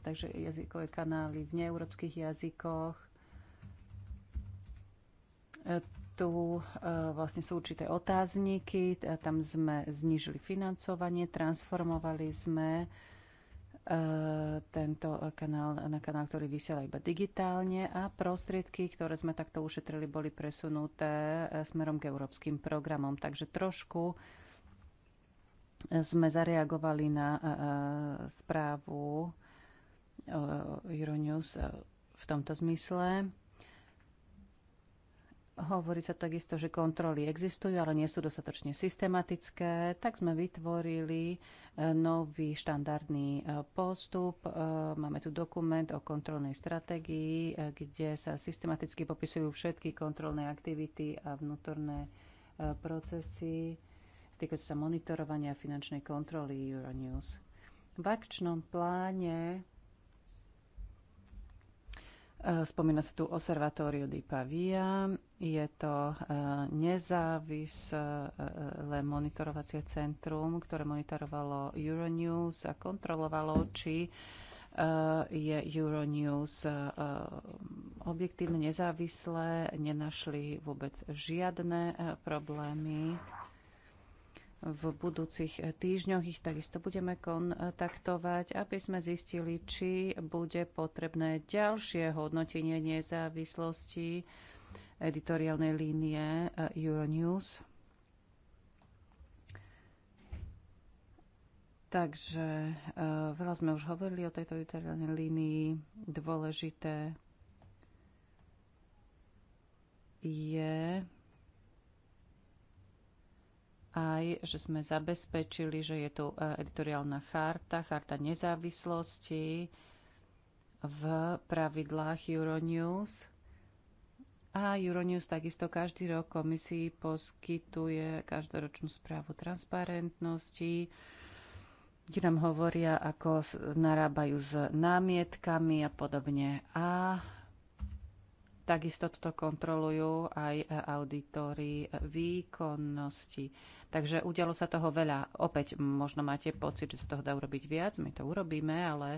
takže jazykové kanály v neeurópskych jazykoch, tu e, vlastne sú určité otázniky, tam sme znížili financovanie, transformovali sme e, tento kanál na kanál, ktorý vysiela iba digitálne a prostriedky, ktoré sme takto ušetrili, boli presunuté e, smerom k európskym programom. Takže trošku sme zareagovali na správu Euronews v tomto zmysle. Hovorí sa takisto, že kontroly existujú, ale nie sú dostatočne systematické, tak sme vytvorili e, nový štandardný e, postup. E, máme tu dokument o kontrolnej stratégii, kde sa systematicky popisujú všetky kontrolné aktivity a vnútorné procesy týkajúce sa monitorovania finančnej kontroly Euronews. V akčnom pláne Eh, spomína sa tu Observatório di Pavia. Je to eh, nezávislé eh, monitorovacie centrum, ktoré monitorovalo Euronews a kontrolovalo, či je Euronews objektívne nezávislé, nenašli vôbec žiadne problémy v budúcich týždňoch ich takisto budeme kontaktovať, aby sme zistili, či bude potrebné ďalšie hodnotenie nezávislosti editoriálnej línie eh, Euronews. Takže eh, veľa sme už hovorili o tejto editoriálnej línii. Dôležité je aj, že sme zabezpečili, že je tu e, editoriálna charta, charta nezávislosti v pravidlách Euronews. A Euronews takisto každý rok komisii poskytuje každoročnú správu transparentnosti, kde nám hovoria, ako narábajú s námietkami a podobne. A Takisto to kontrolujú aj auditory výkonnosti. Takže udialo sa toho veľa. Opäť možno máte pocit, že sa toho dá urobiť viac. My to urobíme, ale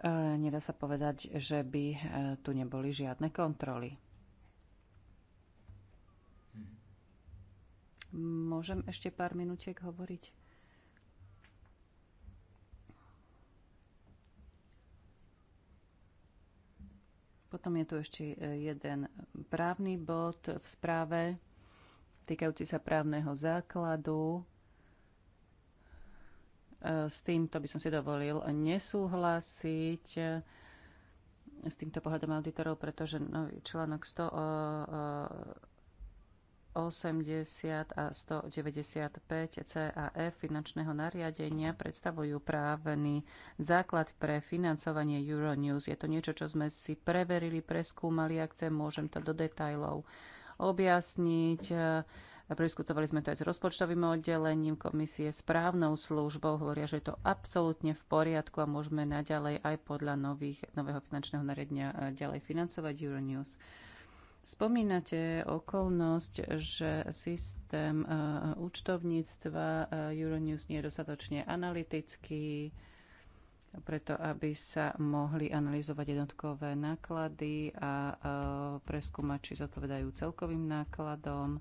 e, nedá sa povedať, že by e, tu neboli žiadne kontroly. Hm. Môžem ešte pár minútiek hovoriť? Potom je tu ešte e, jeden právny bod v správe týkajúci sa právneho základu. E, s týmto by som si dovolil nesúhlasiť e, s týmto pohľadom auditorov, pretože nový článok 100 80 a 195 CAF e finančného nariadenia predstavujú právny základ pre financovanie Euronews. Je to niečo, čo sme si preverili, preskúmali, ak chcem, môžem to do detajlov objasniť. Preskutovali sme to aj s rozpočtovým oddelením komisie, správnou službou. Hovoria, že je to absolútne v poriadku a môžeme naďalej aj podľa nových, nového finančného nariadenia ďalej financovať Euronews. Spomínate okolnosť, že systém e, účtovníctva e, Euronews nie je dostatočne analytický, preto aby sa mohli analyzovať jednotkové náklady a e, preskúmať, či zodpovedajú celkovým nákladom.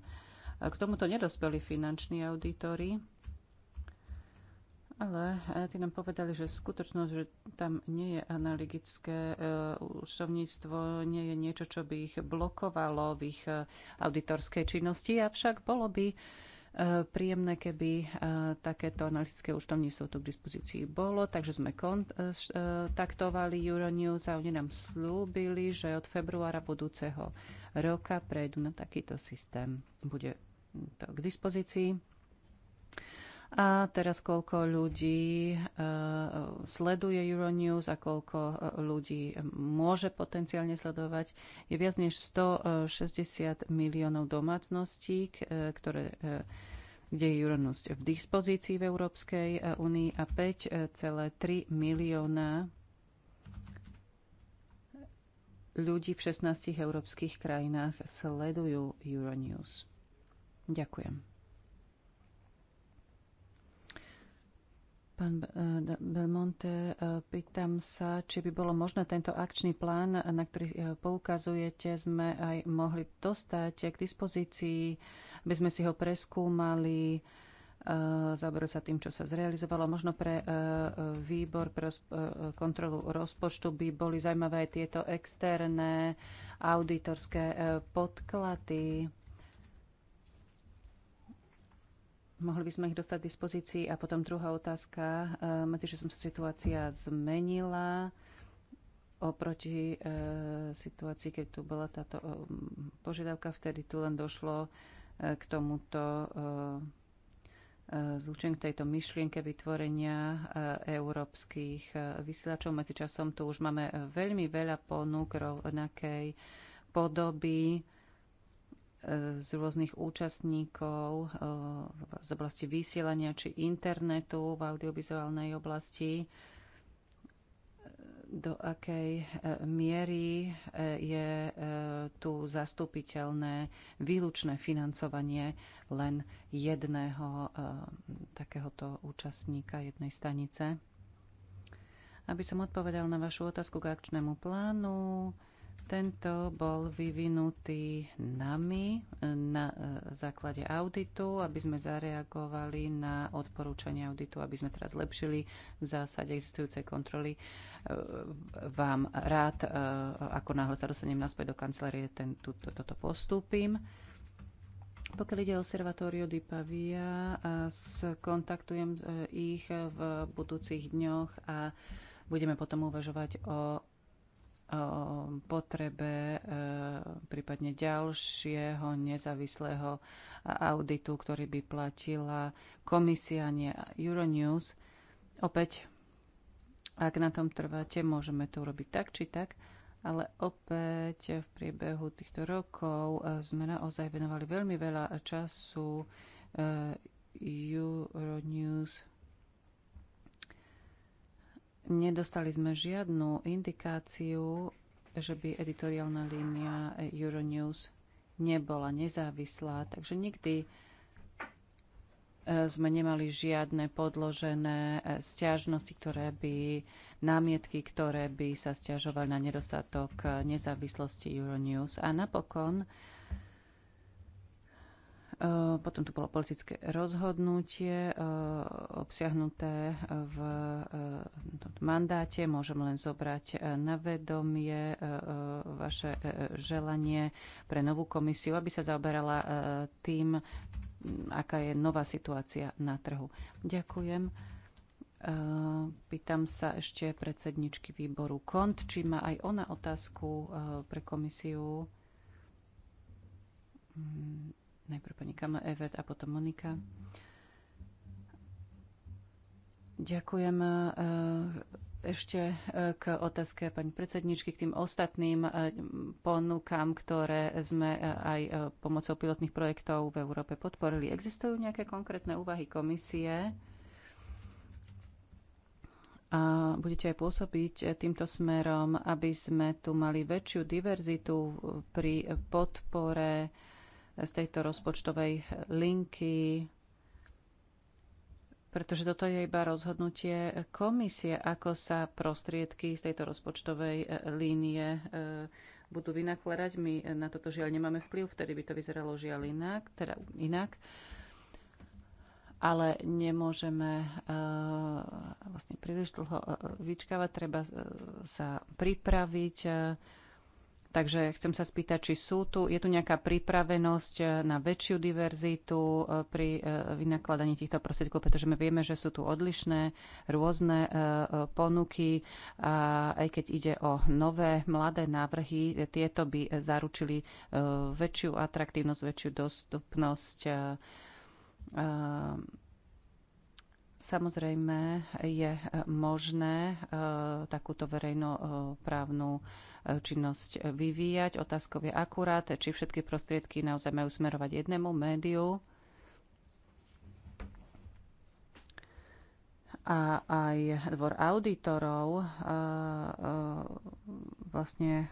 K tomuto nedospeli finanční auditory ale eh, ty nám povedali, že skutočnosť, že tam nie je analytické eh, účtovníctvo, nie je niečo, čo by ich blokovalo v ich eh, auditorskej činnosti, avšak bolo by príjemné, keby takéto analytické účtovníctvo tu k dispozícii bolo, takže sme kontaktovali Euronews a oni nám slúbili, že od februára budúceho roka prejdú na takýto systém. Bude to k dispozícii a teraz koľko ľudí eh, sleduje Euronews a koľko eh, ľudí môže potenciálne sledovať. Je viac než 160 eh, miliónov domácností, ktoré kde je Euronews v dispozícii v Európskej únii a 5,3 milióna ľudí v 16 európskych krajinách sledujú Euronews. Ďakujem. Pán eh, Belmonte, eh, pýtam sa, či by bolo možné tento akčný plán, na ktorý eh, poukazujete, sme aj mohli dostať k dispozícii, aby sme si ho preskúmali, zaoberať sa tým, čo sa zrealizovalo. Možno pre výbor pre kontrolu rozpočtu by boli zaujímavé aj tieto externé auditorské podklady Mohli by sme ich dostať k dispozícii. A potom druhá otázka. Eh, som sa situácia zmenila oproti eh, situácii, keď tu bola táto eh, požiadavka, vtedy tu len došlo k tomuto e, zúčen k tejto myšlienke vytvorenia európskych vysielačov. Medzičasom tu už máme veľmi veľa ponúk rovnakej podoby z rôznych účastníkov eh, z oblasti vysielania či internetu v audiovizuálnej oblasti, eh, do akej eh, miery je tu zastupiteľné výlučné financovanie len jedného takéhoto účastníka, jednej stanice. Aby som odpovedal na vašu otázku k akčnému plánu, tento bol vyvinutý nami eh, na eh, základe auditu, aby sme zareagovali na odporúčanie auditu, aby sme teraz zlepšili v zásade existujúce kontroly. Eh, vám rád, ako náhle sa dostanem naspäť do kancelárie, ten, toto postúpim. Pokiaľ ide o servatóriu di Pavia, skontaktujem ich v budúcich dňoch a budeme potom uvažovať o Um, potrebe uh, prípadne ďalšieho nezávislého auditu, ktorý by platila komisia, nie Euronews. Opäť, ak na tom trváte, môžeme to urobiť tak či tak, ale opäť v priebehu týchto rokov uh, sme naozaj venovali veľmi veľa času uh, Euronews Nedostali sme žiadnu indikáciu, že by editoriálna línia Euronews nebola nezávislá, takže nikdy e, sme nemali žiadne podložené e, stiažnosti, ktoré by, námietky, ktoré by sa stiažovali na nedostatok e, nezávislosti Euronews. A napokon Eh, potom tu bolo politické rozhodnutie eh, obsiahnuté v eh, mandáte. Môžem len zobrať na vedomie vaše želanie pre novú komisiu, aby sa zaoberala tým, aká je nová situácia na trhu. Ďakujem. Pýtam sa ešte predsedničky výboru KONT, či má aj ona otázku pre komisiu. Hmm, Najprv pani Kama Evert a potom Monika. Ďakujem e, ešte e, k otázke pani predsedničky, k tým ostatným e, ponukám, ktoré sme aj pomocou pilotných projektov v Európe podporili. Existujú nejaké konkrétne úvahy komisie? A budete aj pôsobiť týmto smerom, aby sme tu mali väčšiu diverzitu pri podpore z tejto rozpočtovej linky, pretože toto je iba rozhodnutie komisie, ako sa prostriedky z tejto rozpočtovej e, línie e, budú vynakladať. My na toto žiaľ nemáme vplyv, vtedy by to vyzeralo žiaľ inak. Teda inak ale nemôžeme e, vlastne príliš dlho vyčkávať, treba sa pripraviť Takže chcem sa spýtať, či sú tu, je tu nejaká pripravenosť eh, na väčšiu diverzitu eh, pri eh, vynakladaní týchto prostriedkov, pretože my vieme, že sú tu odlišné, rôzne ponuky, a aj keď ide o nové, mladé návrhy, tieto by zaručili väčšiu atraktívnosť, väčšiu dostupnosť Samozrejme je e, možné e, takúto verejnoprávnu e, činnosť vyvíjať. Otázkou je akurát, či všetky prostriedky naozaj majú smerovať jednému médiu a aj dvor auditorov vlastne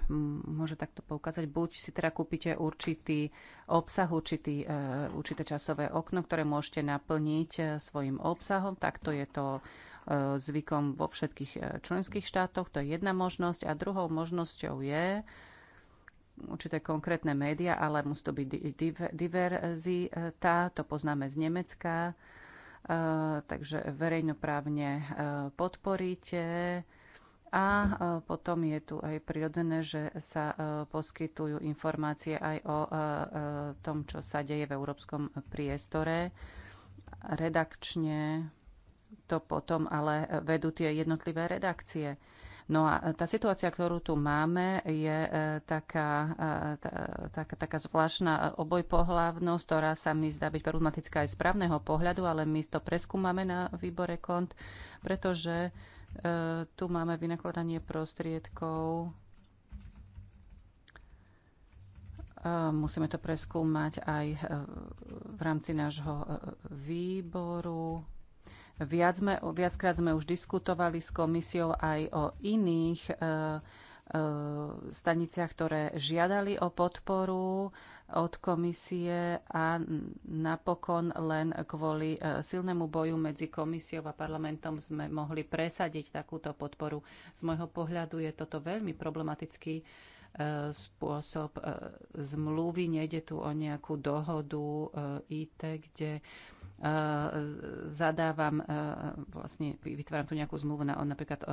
môže takto poukázať. Buď si teda kúpite určitý obsah, určitý, e, určité časové okno, ktoré môžete naplniť e, svojim obsahom, takto je to e, zvykom vo všetkých členských štátoch, to je jedna možnosť. A druhou možnosťou je určité konkrétne média, ale musí to byť diverzita, to poznáme z Nemecka, takže verejnoprávne e, podporíte. A e, potom je tu aj prirodzené, že sa e, poskytujú informácie aj o tom, čo sa deje v európskom priestore. Redakčne to potom ale vedú tie jednotlivé redakcie. No a e, tá situácia, ktorú tu máme, je e, taká, e, taká, taká zvláštna obojpohlavnosť, ktorá sa mi zdá byť problematická aj z právneho pohľadu, ale my to preskúmame na výbore kont, pretože tu máme vynakladanie prostriedkov Musíme to preskúmať aj v rámci nášho výboru. Viac sme, viackrát sme už diskutovali s komisiou aj o iných e, e staniciach, ktoré žiadali o podporu od komisie a napokon len kvôli e, silnému boju medzi komisiou a parlamentom sme mohli presadiť takúto podporu. Z môjho pohľadu je toto veľmi problematický e, spôsob zmluvy. Nejde tu o nejakú dohodu IT, kde zadávam, e, vlastne vytváram tu nejakú zmluvu na napríklad e,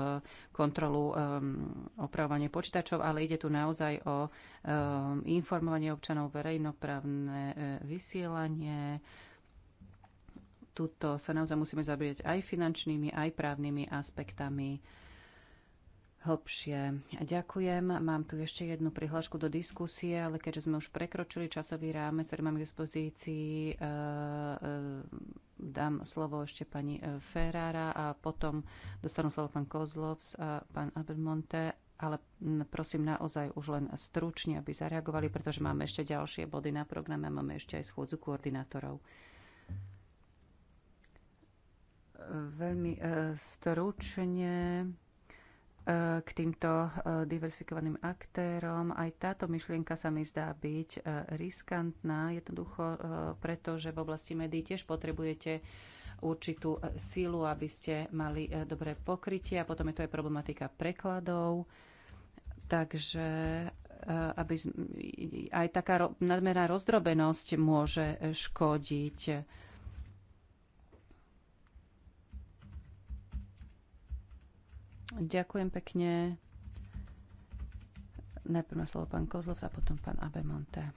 kontrolu e, opravovanie počítačov, ale ide tu naozaj o informovanie občanov, verejnoprávne vysielanie. Tuto sa naozaj musíme zabrieť aj finančnými, aj právnymi aspektami hlbšie. Ďakujem. Mám tu ešte jednu prihlášku do diskusie, ale keďže sme už prekročili časový rámec, ktorý mám k dispozícii, eh, eh, dám slovo ešte pani eh, Ferrara a potom dostanú slovo pán Kozlovs a pán Abelmonte, ale mm, prosím naozaj už len stručne, aby zareagovali, pretože máme ešte ďalšie body na programe, máme ešte aj schôdzu koordinátorov veľmi stručne k týmto e, diversifikovaným aktérom. Aj táto myšlienka sa mi zdá byť e, riskantná, jednoducho e, preto, že v oblasti médií tiež potrebujete určitú sílu, aby ste mali dobré pokrytie a potom je to aj problematika prekladov. Takže aby aj taká nadmerná rozdrobenosť môže škodiť Ďakujem pekne. Najprv má slovo pán Kozlov a potom pán Abermonte.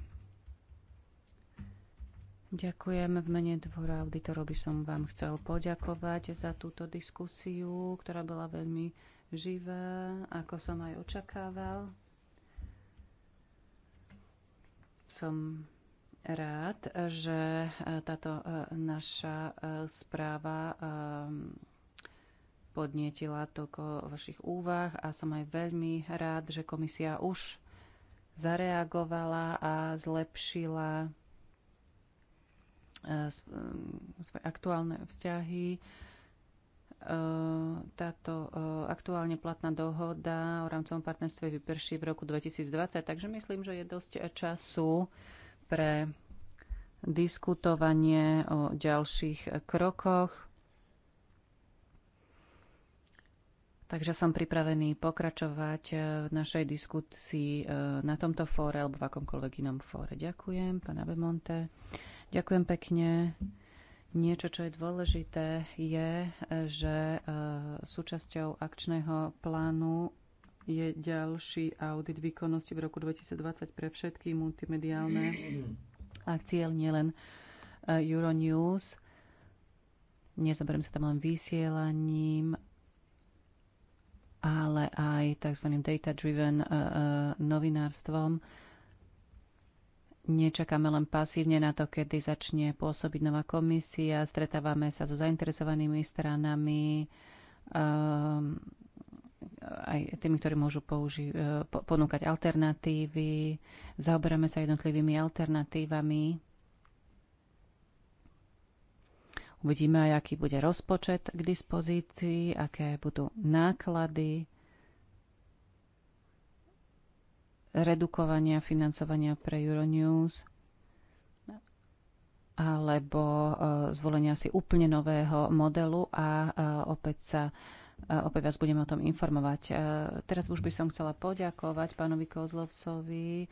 Ďakujem. V mene dvora auditorov by som vám chcel poďakovať za túto diskusiu, ktorá bola veľmi živá, ako som aj očakával. Som rád, že e, táto e, naša e, správa podnietila toľko vašich úvah a som aj veľmi rád, že komisia už zareagovala a zlepšila e, e, svoje aktuálne vzťahy. E, táto aktuálne platná dohoda o rámcovom partnerstve vyprší v roku 2020, takže myslím, že je dosť času pre diskutovanie o ďalších krokoch Takže som pripravený pokračovať e, v našej diskusii e, na tomto fóre alebo v akomkoľvek inom fóre. Ďakujem, pán Abemonte. Ďakujem pekne. Niečo, čo je dôležité, je, e, že súčasťou akčného plánu je ďalší audit výkonnosti v roku 2020 pre všetky multimediálne akcie, nielen Euronews. Nezoberiem sa tam len vysielaním ale aj tzv. data-driven e, e, novinárstvom. Nečakáme len pasívne na to, kedy začne pôsobiť nová komisia, stretávame sa so zainteresovanými stranami, ehm, aj tými, ktorí môžu použi- e, ponúkať alternatívy, zaoberáme sa jednotlivými alternatívami Uvidíme aj, aký bude rozpočet k dispozícii, aké budú náklady redukovania financovania pre Euronews alebo e, zvolenia si úplne nového modelu a e, opäť sa e, opäť vás budeme o tom informovať. Teraz už by som chcela poďakovať pánovi Kozlovcovi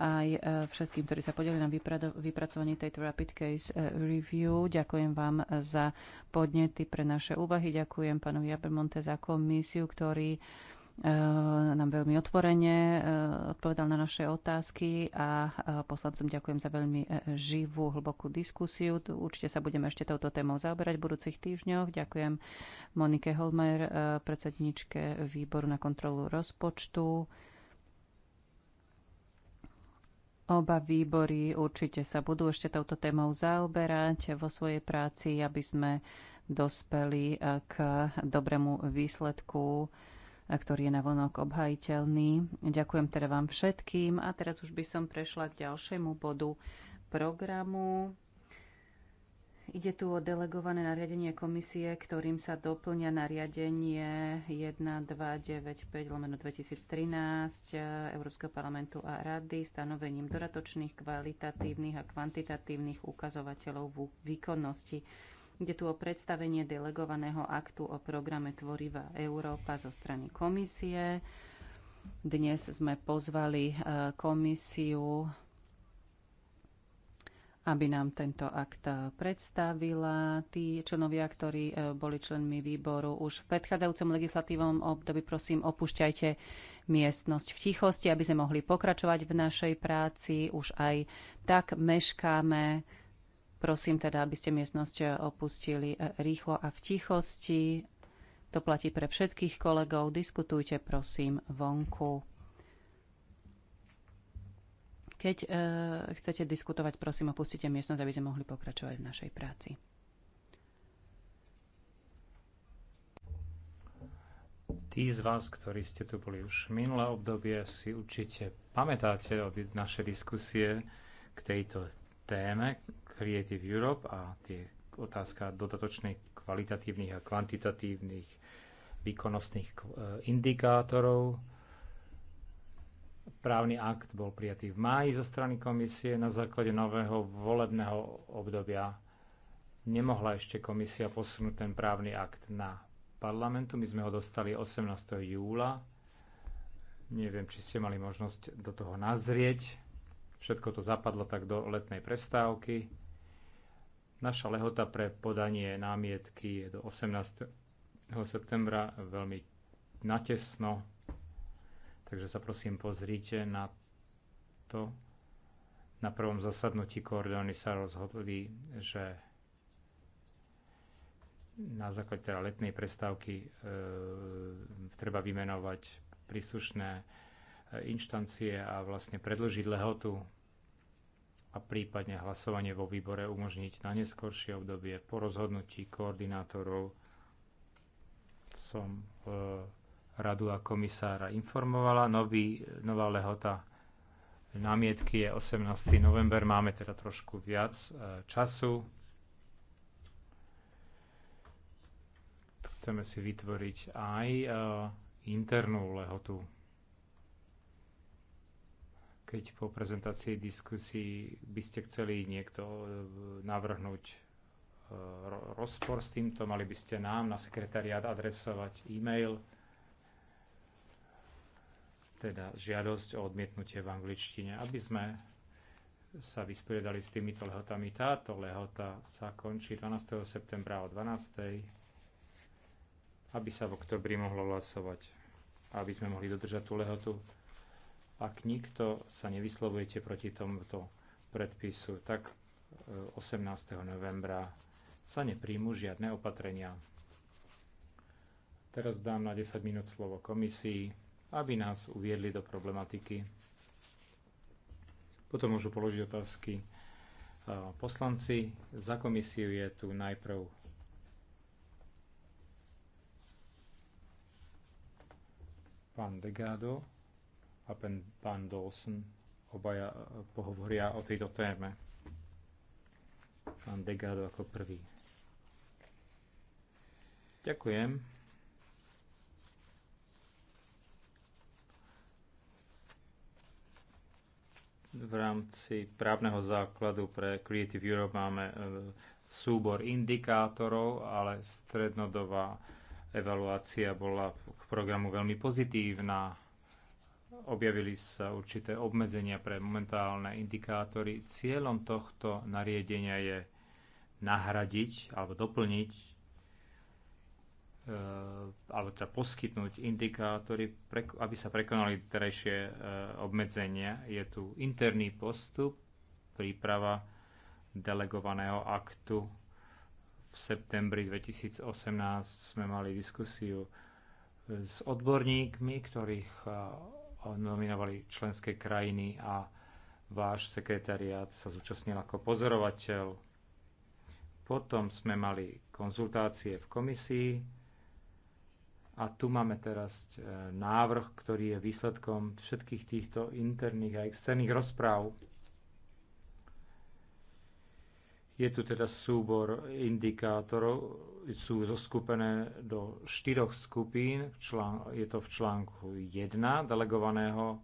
aj e, všetkým, ktorí sa podelili na vypracovaní tejto Rapid Case e, Review. Ďakujem vám e, za podnety pre naše úvahy. Ďakujem pánu Jabermonte za komisiu, ktorý nám veľmi otvorene odpovedal na naše otázky a poslancom ďakujem za veľmi živú, hlbokú diskusiu. Určite sa budeme ešte touto témou zaoberať v budúcich týždňoch. Ďakujem Monike Holmer, predsedničke výboru na kontrolu rozpočtu. Oba výbory určite sa budú ešte touto témou zaoberať vo svojej práci, aby sme dospeli eh, k dobrému výsledku, eh, ktorý je navonok obhajiteľný. Ďakujem teda vám všetkým a teraz už by som prešla k ďalšiemu bodu programu. Ide tu o delegované nariadenie komisie, ktorým sa doplňa nariadenie 1295 lomeno 2013 e, Európskeho parlamentu a rady stanovením doratočných kvalitatívnych a kvantitatívnych ukazovateľov v výkonnosti. Ide tu o predstavenie delegovaného aktu o programe Tvorivá Európa zo strany komisie. Dnes sme pozvali e, komisiu aby nám tento akt eh, predstavila. Tí členovia, ktorí eh, boli členmi výboru už v predchádzajúcom legislatívom období, prosím, opúšťajte miestnosť v tichosti, aby sme mohli pokračovať v našej práci. Už aj tak meškáme. Prosím teda, aby ste miestnosť eh, opustili rýchlo a v tichosti. To platí pre všetkých kolegov. Diskutujte prosím vonku. Keď e, chcete diskutovať, prosím, opustite miestnosť, aby sme mohli pokračovať v našej práci. Tí z vás, ktorí ste tu boli už minulé obdobie, si určite pamätáte od naše diskusie k tejto téme Creative Europe a tie otázka dodatočných kvalitatívnych a kvantitatívnych výkonnostných e, indikátorov Právny akt bol prijatý v máji zo strany komisie na základe nového volebného obdobia. Nemohla ešte komisia posunúť ten právny akt na parlamentu. My sme ho dostali 18. júla. Neviem, či ste mali možnosť do toho nazrieť. Všetko to zapadlo tak do letnej prestávky. Naša lehota pre podanie námietky je do 18. septembra veľmi natesno Takže sa prosím pozrite na to. Na prvom zasadnutí koordóny sa rozhodli, že na základe teda letnej prestávky e, treba vymenovať príslušné e, inštancie a vlastne predlžiť lehotu a prípadne hlasovanie vo výbore umožniť na neskôršie obdobie po rozhodnutí koordinátorov som e, radu a komisára informovala. Nový, nová lehota námietky je 18. november, máme teda trošku viac e, času. Chceme si vytvoriť aj e, internú lehotu. Keď po prezentácii diskusí by ste chceli niekto e, navrhnúť rozpor s týmto, mali by ste nám na sekretariát adresovať e-mail teda žiadosť o odmietnutie v angličtine, aby sme sa vysporiadali s týmito lehotami. Táto lehota sa končí 12. septembra o 12. aby sa v oktobri mohlo hlasovať, aby sme mohli dodržať tú lehotu. Ak nikto sa nevyslovujete proti tomuto predpisu, tak 18. E, novembra sa nepríjmu žiadne opatrenia. Teraz dám na 10 minút slovo komisii aby nás uviedli do problematiky. Potom môžu položiť otázky e, poslanci. Za komisiu je tu najprv pán Degado a pán Dawson. Obaja e, pohovoria o tejto téme. Pán Degado ako prvý. Ďakujem. V rámci právneho základu pre Creative Europe máme e, súbor indikátorov, ale strednodová evaluácia bola k programu veľmi pozitívna. Objavili sa určité obmedzenia pre momentálne indikátory. Cieľom tohto nariadenia je nahradiť alebo doplniť Eh, alebo teda poskytnúť indikátory, aby sa prekonali terajšie eh, obmedzenia. Je tu interný postup, príprava delegovaného aktu. V septembri 2018 sme mali diskusiu eh, s odborníkmi, ktorých nominovali členské krajiny a váš sekretariát sa zúčastnil ako pozorovateľ. Potom sme mali konzultácie v komisii, a tu máme teraz e, návrh, ktorý je výsledkom všetkých týchto interných a externých rozpráv. Je tu teda súbor indikátorov, sú zoskupené do štyroch skupín, je to v článku 1 delegovaného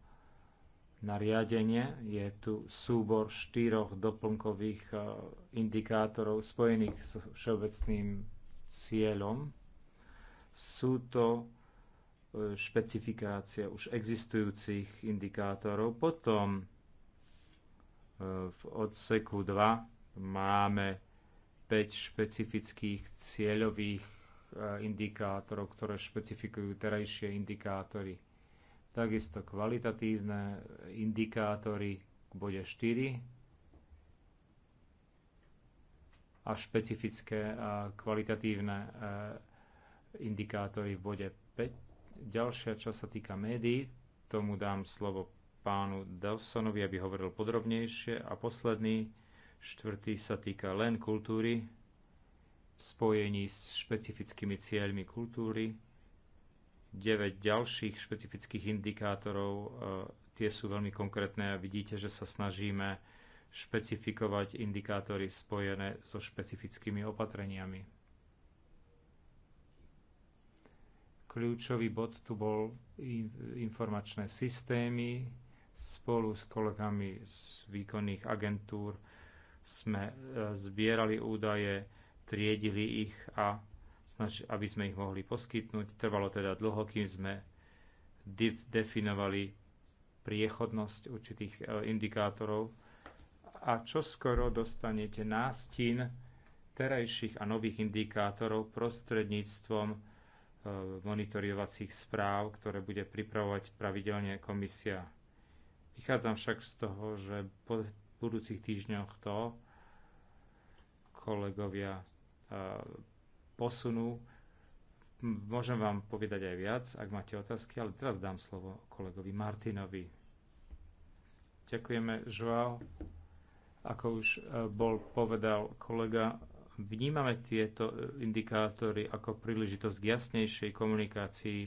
nariadenie, je tu súbor štyroch doplnkových e, indikátorov spojených s všeobecným cieľom sú to e, špecifikácie už existujúcich indikátorov. Potom e, v odseku 2 máme 5 špecifických cieľových e, indikátorov, ktoré špecifikujú terajšie indikátory. Takisto kvalitatívne indikátory k bode 4 a špecifické a kvalitatívne indikátory v bode 5. Ďalšia časť sa týka médií. Tomu dám slovo pánu Dawsonovi, aby hovoril podrobnejšie. A posledný, štvrtý, sa týka len kultúry v spojení s špecifickými cieľmi kultúry. 9 ďalších špecifických indikátorov, e, tie sú veľmi konkrétne a vidíte, že sa snažíme špecifikovať indikátory spojené so špecifickými opatreniami. Kľúčový bod tu bol informačné systémy. Spolu s kolegami z výkonných agentúr sme e, zbierali údaje, triedili ich a aby sme ich mohli poskytnúť. Trvalo teda dlho, kým sme definovali priechodnosť určitých e, indikátorov a čo skoro dostanete nástin terajších a nových indikátorov prostredníctvom monitorovacích správ, ktoré bude pripravovať pravidelne komisia. Vychádzam však z toho, že po budúcich týždňoch to kolegovia posunú. Môžem vám povedať aj viac, ak máte otázky, ale teraz dám slovo kolegovi Martinovi. Ďakujeme, Joao. Ako už e, bol povedal kolega, Vnímame tieto e, indikátory ako príležitosť k jasnejšej komunikácii,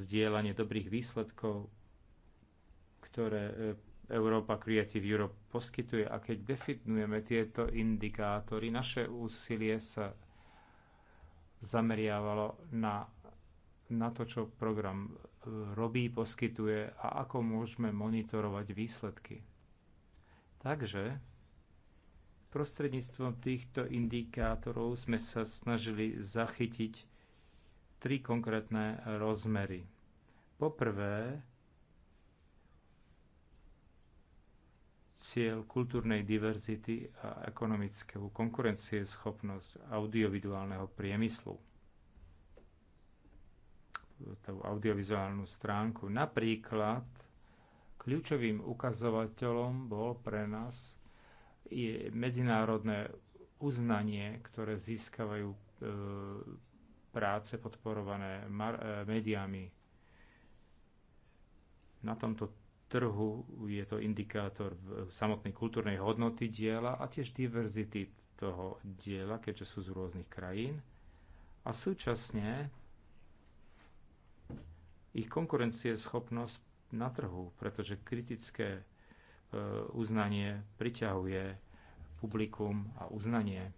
zdieľanie dobrých výsledkov, ktoré e, Európa Creative Europe poskytuje. A keď definujeme tieto indikátory, naše úsilie sa zameriavalo na, na to, čo program e, robí, poskytuje a ako môžeme monitorovať výsledky. Takže Prostredníctvom týchto indikátorov sme sa snažili zachytiť tri konkrétne rozmery. Poprvé, cieľ kultúrnej diverzity a ekonomickú konkurencieschopnosť audiovizuálneho priemyslu. Tú audiovizuálnu stránku. Napríklad kľúčovým ukazovateľom bol pre nás je medzinárodné uznanie, ktoré získavajú e, práce podporované mar, e, médiami. Na tomto trhu je to indikátor e, samotnej kultúrnej hodnoty diela a tiež diverzity toho diela, keďže sú z rôznych krajín. A súčasne ich konkurencie schopnosť na trhu, pretože kritické E, uznanie priťahuje publikum a uznanie.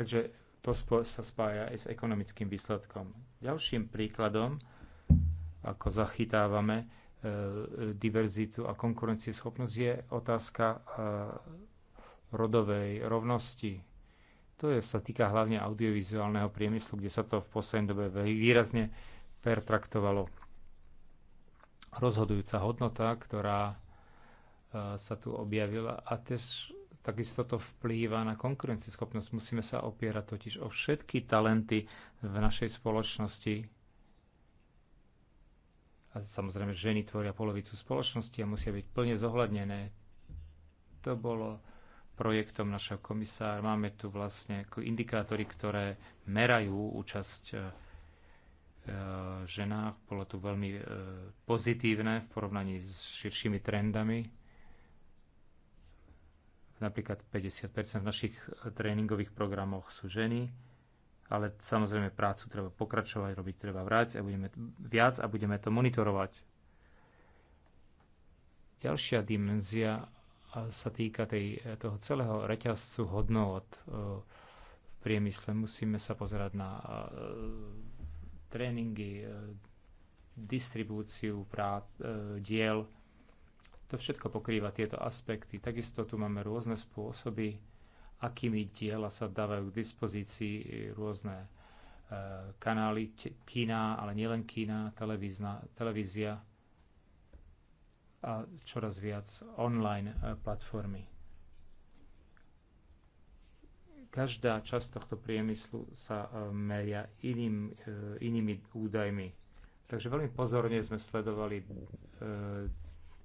Takže to sa spája aj s ekonomickým výsledkom. Ďalším príkladom, ako zachytávame e, diverzitu a konkurencieschopnosť, je otázka e, rodovej rovnosti. To je, sa týka hlavne audiovizuálneho priemyslu, kde sa to v poslednej dobe výrazne pertraktovalo. Rozhodujúca hodnota, ktorá sa tu objavila a tiež takisto to vplýva na konkurencieschopnosť. Musíme sa opierať totiž o všetky talenty v našej spoločnosti. A samozrejme, ženy tvoria polovicu spoločnosti a musia byť plne zohľadnené. To bolo projektom našeho komisára. Máme tu vlastne indikátory, ktoré merajú účasť e, e, ženách. Bolo tu veľmi e, pozitívne v porovnaní s širšími trendami Napríklad 50 v našich eh, tréningových programoch sú ženy, ale samozrejme prácu treba pokračovať, robiť treba vrať a budeme viac a budeme to monitorovať. Ďalšia dimenzia eh, sa týka tej, eh, toho celého reťazcu hodnot v priemysle. Musíme sa pozerať na tréningy, distribúciu prát, diel, to všetko pokrýva tieto aspekty. Takisto tu máme rôzne spôsoby, akými diela sa dávajú k dispozícii e, rôzne e, kanály kína, ale nielen kína, televízia a čoraz viac online e, platformy. Každá časť tohto priemyslu sa meria iným, inými údajmi. Takže veľmi pozorne sme sledovali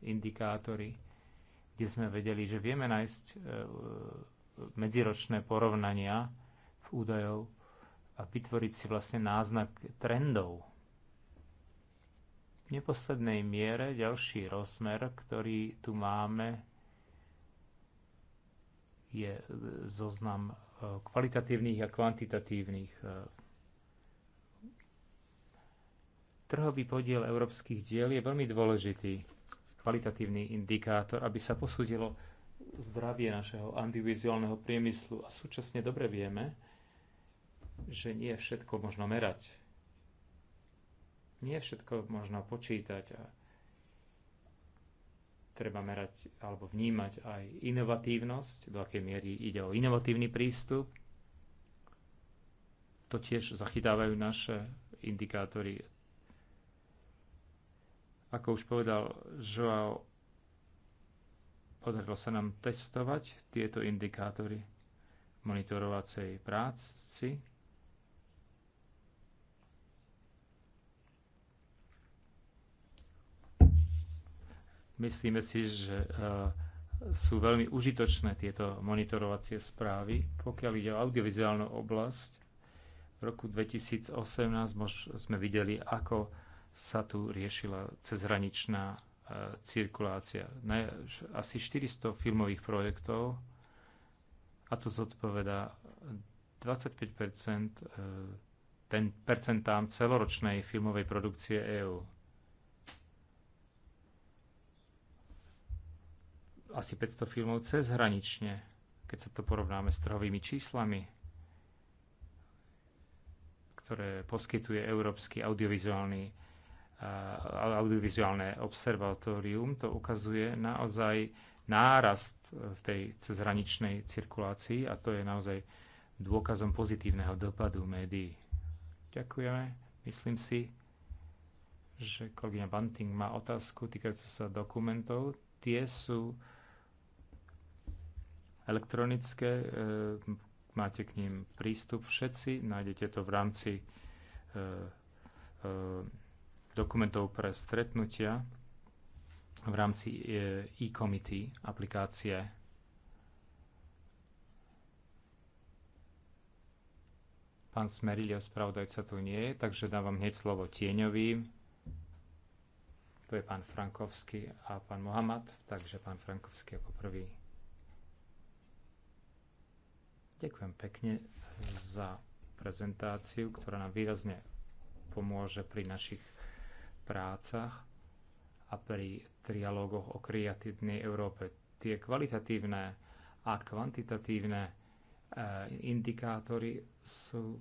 indikátory, kde sme vedeli, že vieme nájsť e, medziročné porovnania v údajov a vytvoriť si vlastne náznak trendov. V neposlednej miere ďalší rozmer, ktorý tu máme, je e, zoznam e, kvalitatívnych a kvantitatívnych. Trhový podiel európskych diel je veľmi dôležitý kvalitatívny indikátor, aby sa posúdilo zdravie našeho audiovizuálneho priemyslu. A súčasne dobre vieme, že nie všetko možno merať. Nie je všetko možno počítať a treba merať alebo vnímať aj inovatívnosť, do akej miery ide o inovatívny prístup. To tiež zachytávajú naše indikátory ako už povedal Joao, podarilo sa nám testovať tieto indikátory monitorovacej práci. Myslíme si, že e, sú veľmi užitočné tieto monitorovacie správy. Pokiaľ ide o audiovizuálnu oblasť, v roku 2018 sme videli, ako sa tu riešila cezhraničná e, cirkulácia. Asi 400 filmových projektov a to zodpoveda 25 e, ten percentám celoročnej filmovej produkcie EÚ. Asi 500 filmov cezhranične, keď sa to porovnáme s trhovými číslami, ktoré poskytuje Európsky audiovizuálny audiovizuálne observatórium, to ukazuje naozaj nárast e, v tej cezhraničnej cirkulácii a to je naozaj dôkazom pozitívneho dopadu médií. Ďakujeme. Myslím si, že kolegyňa Banting má otázku týkajúcu sa dokumentov. Tie sú elektronické, e, máte k ním prístup všetci, nájdete to v rámci e, dokumentov pre stretnutia v rámci e, e-committee aplikácie. Pán Smerilio, spravodajca tu nie je, takže dávam hneď slovo tieňový. To je pán Frankovský a pán Mohamed, takže pán Frankovský ako prvý. Ďakujem pekne za prezentáciu, ktorá nám výrazne pomôže pri našich prácach a pri trialógoch o kreatívnej Európe. Tie kvalitatívne a kvantitatívne e, indikátory sú e,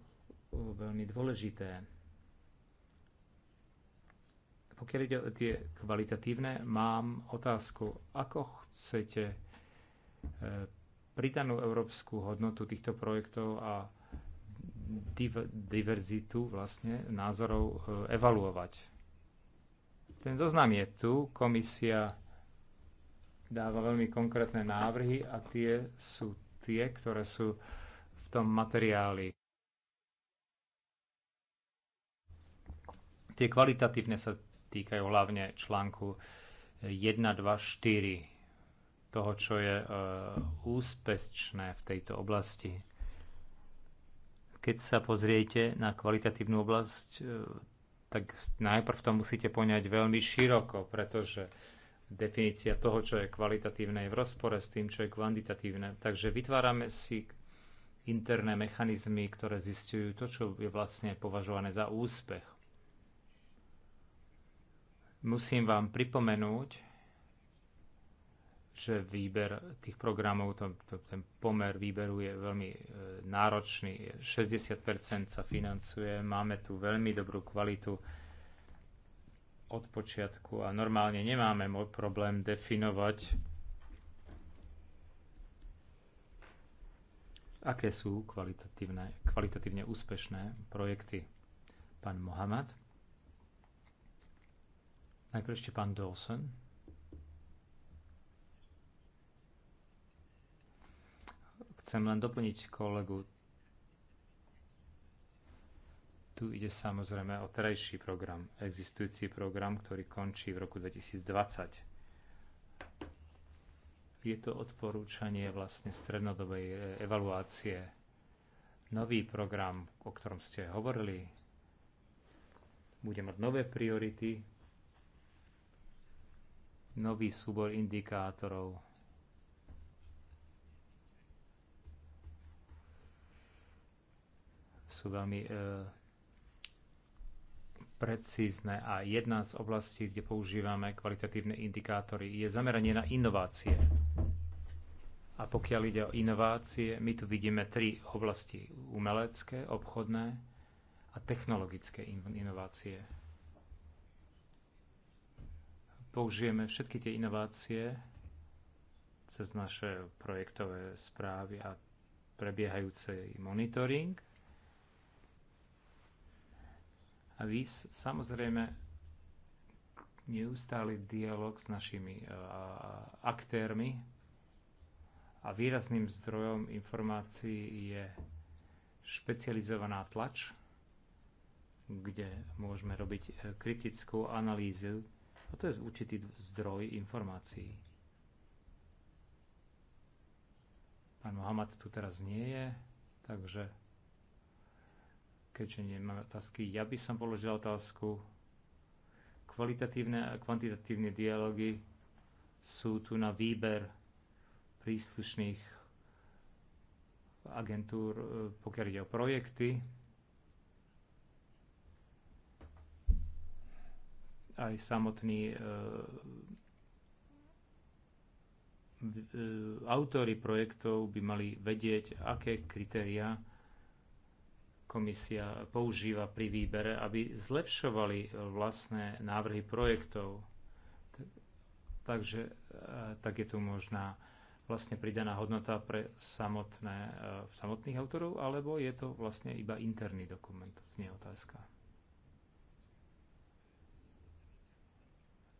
veľmi dôležité pokiaľ ide o tie kvalitatívne, mám otázku, ako chcete e, pridanú európsku hodnotu týchto projektov a diverzitu vlastne názorov evaluovať. Ten zoznam je tu, komisia dáva veľmi konkrétne návrhy a tie sú tie, ktoré sú v tom materiáli. Tie kvalitatívne sa týkajú hlavne článku 1, 2, 4 toho, čo je e, úspešné v tejto oblasti. Keď sa pozriete na kvalitatívnu oblasť, e, tak najprv to musíte poňať veľmi široko, pretože definícia toho, čo je kvalitatívne, je v rozpore s tým, čo je kvantitatívne. Takže vytvárame si interné mechanizmy, ktoré zistujú to, čo je vlastne považované za úspech. Musím vám pripomenúť, že výber tých programov, to, to, ten pomer výberu je veľmi e, náročný. 60% sa financuje, máme tu veľmi dobrú kvalitu od počiatku a normálne nemáme môj problém definovať, aké sú kvalitatívne, kvalitatívne úspešné projekty. Pán Mohamed. Najprv ešte pán Dawson. Chcem len doplniť kolegu. Tu ide samozrejme o terajší program, existujúci program, ktorý končí v roku 2020 je to odporúčanie vlastne strednodobej e, evaluácie. Nový program, o ktorom ste hovorili, bude mať nové priority, nový súbor indikátorov, sú veľmi e, precízne a jedna z oblastí, kde používame kvalitatívne indikátory, je zameranie na inovácie. A pokiaľ ide o inovácie, my tu vidíme tri oblasti. Umelecké, obchodné a technologické inovácie. Použijeme všetky tie inovácie cez naše projektové správy a prebiehajúce monitoring a vy samozrejme neustály dialog s našimi e, aktérmi a výrazným zdrojom informácií je špecializovaná tlač, kde môžeme robiť e, kritickú analýzu a to je určitý zdroj informácií. Pán Mohamed tu teraz nie je, takže keďže nemá otázky, ja by som položil otázku. Kvalitatívne a kvantitatívne dialógy sú tu na výber príslušných agentúr, e, pokiaľ ide o projekty. Aj samotní e, e, autory projektov by mali vedieť, aké kritériá komisia používa pri výbere, aby zlepšovali vlastné návrhy projektov. Takže eh, tak je tu možná vlastne pridaná hodnota pre samotné, eh, samotných autorov, alebo je to vlastne iba interný dokument, znie otázka.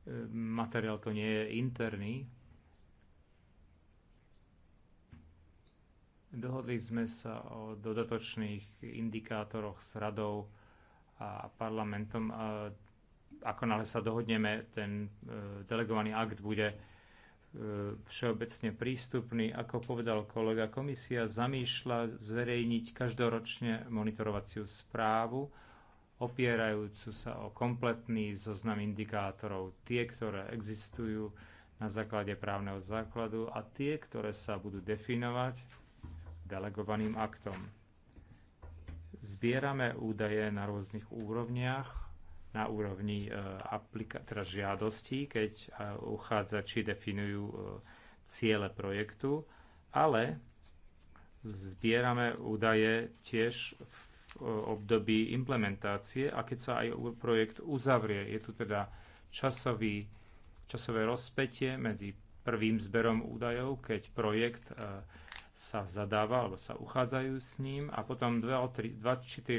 Eh, materiál to nie je interný, Dohodli sme sa o dodatočných indikátoroch s radou a parlamentom. A ako náhle sa dohodneme, ten e, delegovaný akt bude e, všeobecne prístupný. Ako povedal kolega, komisia zamýšľa zverejniť každoročne monitorovaciu správu, opierajúcu sa o kompletný zoznam indikátorov, tie, ktoré existujú na základe právneho základu a tie, ktoré sa budú definovať delegovaným aktom. Zbierame údaje na rôznych úrovniach, na úrovni e, aplika- teda žiadostí, keď e, uchádzači definujú e, ciele projektu, ale zbierame údaje tiež v období implementácie a keď sa aj projekt uzavrie. Je tu teda časový, časové rozpätie medzi prvým zberom údajov, keď projekt sa zadáva alebo sa uchádzajú s ním a potom 2 4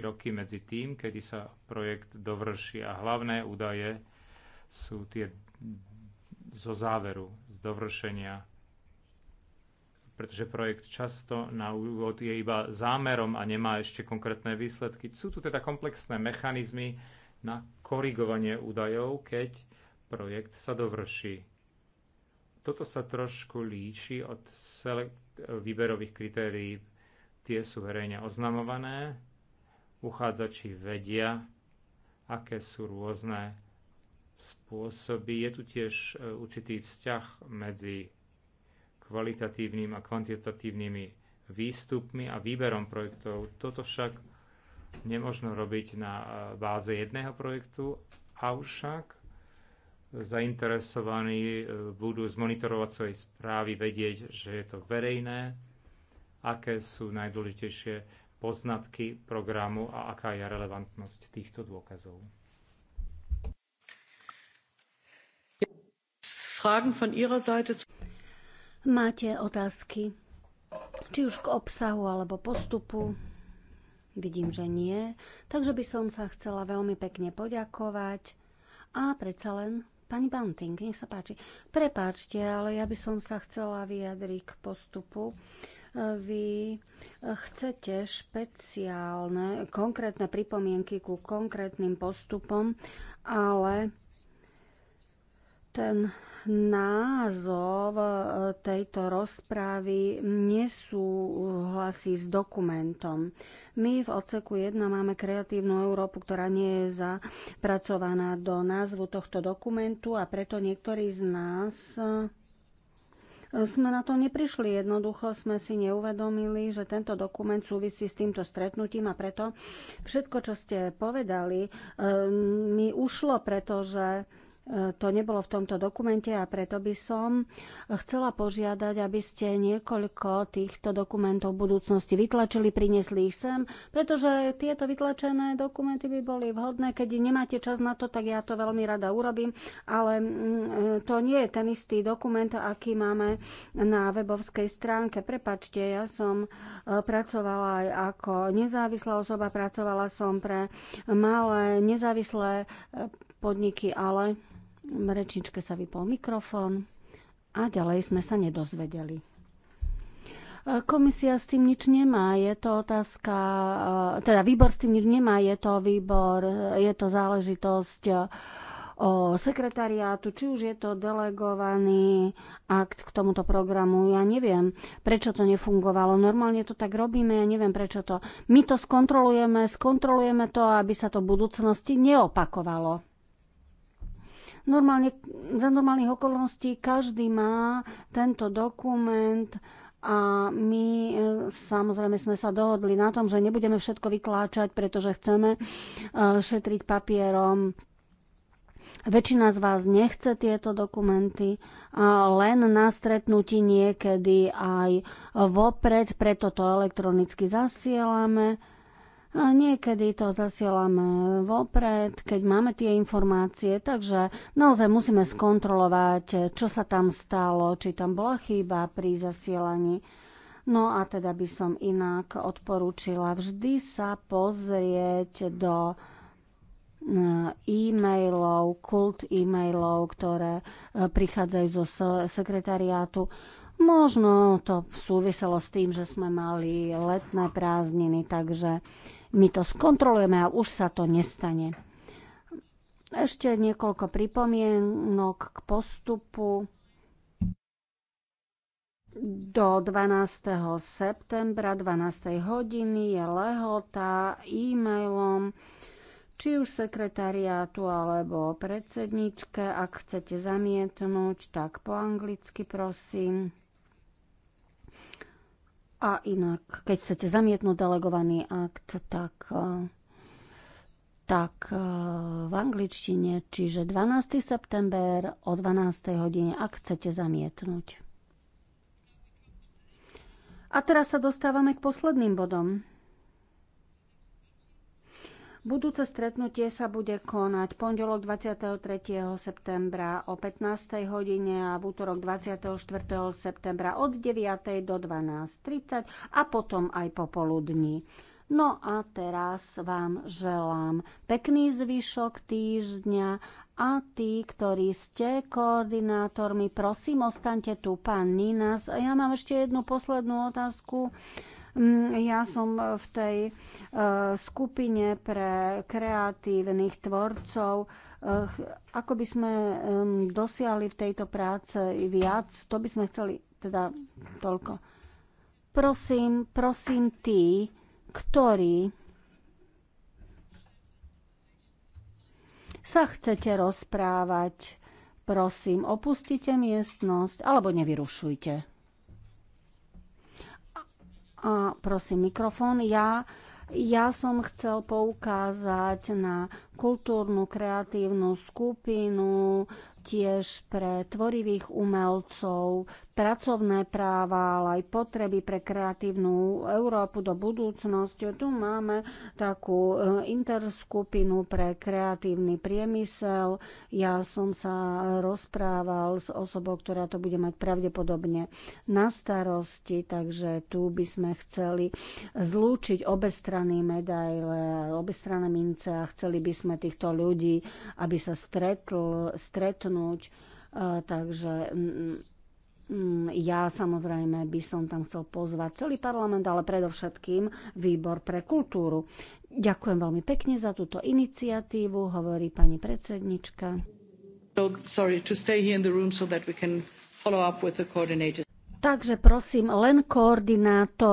roky medzi tým, kedy sa projekt dovrší a hlavné údaje sú tie zo záveru, z dovršenia. Pretože projekt často na úvod je iba zámerom a nemá ešte konkrétne výsledky. Sú tu teda komplexné mechanizmy na korigovanie údajov, keď projekt sa dovrší. Toto sa trošku líši od selekcie výberových kritérií, tie sú verejne oznamované. Uchádzači vedia, aké sú rôzne spôsoby. Je tu tiež e, určitý vzťah medzi kvalitatívnym a kvantitatívnymi výstupmi a výberom projektov. Toto však nemôžno robiť na e, báze jedného projektu, avšak zainteresovaní e, budú z monitorovacej správy vedieť, že je to verejné, aké sú najdôležitejšie poznatky programu a aká je relevantnosť týchto dôkazov. Máte otázky? Či už k obsahu alebo postupu? Vidím, že nie. Takže by som sa chcela veľmi pekne poďakovať. A predsa len Pani Banting, nech sa páči. Prepáčte, ale ja by som sa chcela vyjadriť k postupu e, vy chcete špeciálne, konkrétne pripomienky ku konkrétnym postupom, ale ten názov e, tejto rozprávy nesúhlasí s dokumentom. My v odseku 1 máme kreatívnu Európu, ktorá nie je zapracovaná do názvu tohto dokumentu a preto niektorí z nás e, sme na to neprišli. Jednoducho sme si neuvedomili, že tento dokument súvisí s týmto stretnutím a preto všetko, čo ste povedali, e, mi ušlo, pretože to nebolo v tomto dokumente a preto by som chcela požiadať, aby ste niekoľko týchto dokumentov v budúcnosti vytlačili, priniesli ich sem, pretože tieto vytlačené dokumenty by boli vhodné. Keď nemáte čas na to, tak ja to veľmi rada urobím, ale mm, e, to nie je ten istý dokument, aký máme na webovskej stránke. Prepačte, ja som e, pracovala aj ako nezávislá osoba, pracovala som pre malé nezávislé e, podniky, ale Rečničke sa vypol mikrofón a ďalej sme sa nedozvedeli. E, komisia s tým nič nemá, je to otázka, e, teda výbor s tým nič nemá, je to výbor, e, je to záležitosť o sekretariátu, či už je to delegovaný akt k tomuto programu. Ja neviem, prečo to nefungovalo. Normálne to tak robíme, ja neviem, prečo to. My to skontrolujeme, skontrolujeme to, aby sa to v budúcnosti neopakovalo. Normálne, za normálnych okolností každý má tento dokument a my e, samozrejme sme sa dohodli na tom, že nebudeme všetko vytláčať, pretože chceme e, šetriť papierom. Väčšina z vás nechce tieto dokumenty, len na stretnutí niekedy aj vopred, preto to elektronicky zasielame Niekedy to zasielame vopred, keď máme tie informácie, takže naozaj musíme skontrolovať, e, čo sa tam stalo, či tam bola chyba pri zasielaní. No a teda by som inak odporúčila vždy sa pozrieť do e, e-mailov, kult e-mailov, ktoré e, prichádzajú zo sekretariátu. Možno to súviselo s tým, že sme mali letné prázdniny, takže my to skontrolujeme a už sa to nestane. Ešte niekoľko pripomienok k postupu do 12. septembra 12. hodiny je lehota e-mailom či už sekretariátu alebo predsedničke. Ak chcete zamietnúť, tak po anglicky prosím. A inak, keď chcete zamietnúť delegovaný akt, tak, eh, tak eh, v angličtine, čiže 12. september o 12. hodine, ak chcete zamietnúť. A teraz sa dostávame k posledným bodom. Budúce stretnutie sa bude konať pondelok 23. septembra o 15. hodine a v útorok 24. septembra od 9. do 12.30 a potom aj popoludní. No a teraz vám želám pekný zvyšok týždňa a tí, ktorí ste koordinátormi, prosím, ostaňte tu, pán Ninas. Ja mám ešte jednu poslednú otázku. Mm, ja som v tej e, skupine pre kreatívnych tvorcov e, ako by sme dosiali v tejto práce viac, to by sme chceli teda toľko. Prosím, prosím tí, ktorí sa chcete rozprávať, prosím, opustite miestnosť alebo nevyrušujte. A prosím, mikrofón. Ja, ja som chcel poukázať na kultúrnu kreatívnu skupinu tiež pre tvorivých umelcov pracovné práva, ale aj potreby pre kreatívnu Európu do budúcnosti. Tu máme takú eh, interskupinu pre kreatívny priemysel. Ja som sa rozprával s osobou, ktorá to bude mať pravdepodobne na starosti, takže tu by sme chceli zlúčiť obe strany medaile, obe strany mince a chceli by sme týchto ľudí, aby sa stretl, stretnúť. Eh, takže mm, mm, Mm, ja samozrejme by som tam chcel pozvať celý parlament, ale predovšetkým výbor pre kultúru. Ďakujem veľmi pekne za túto iniciatívu, hovorí pani predsednička. Takže prosím len koordinátor.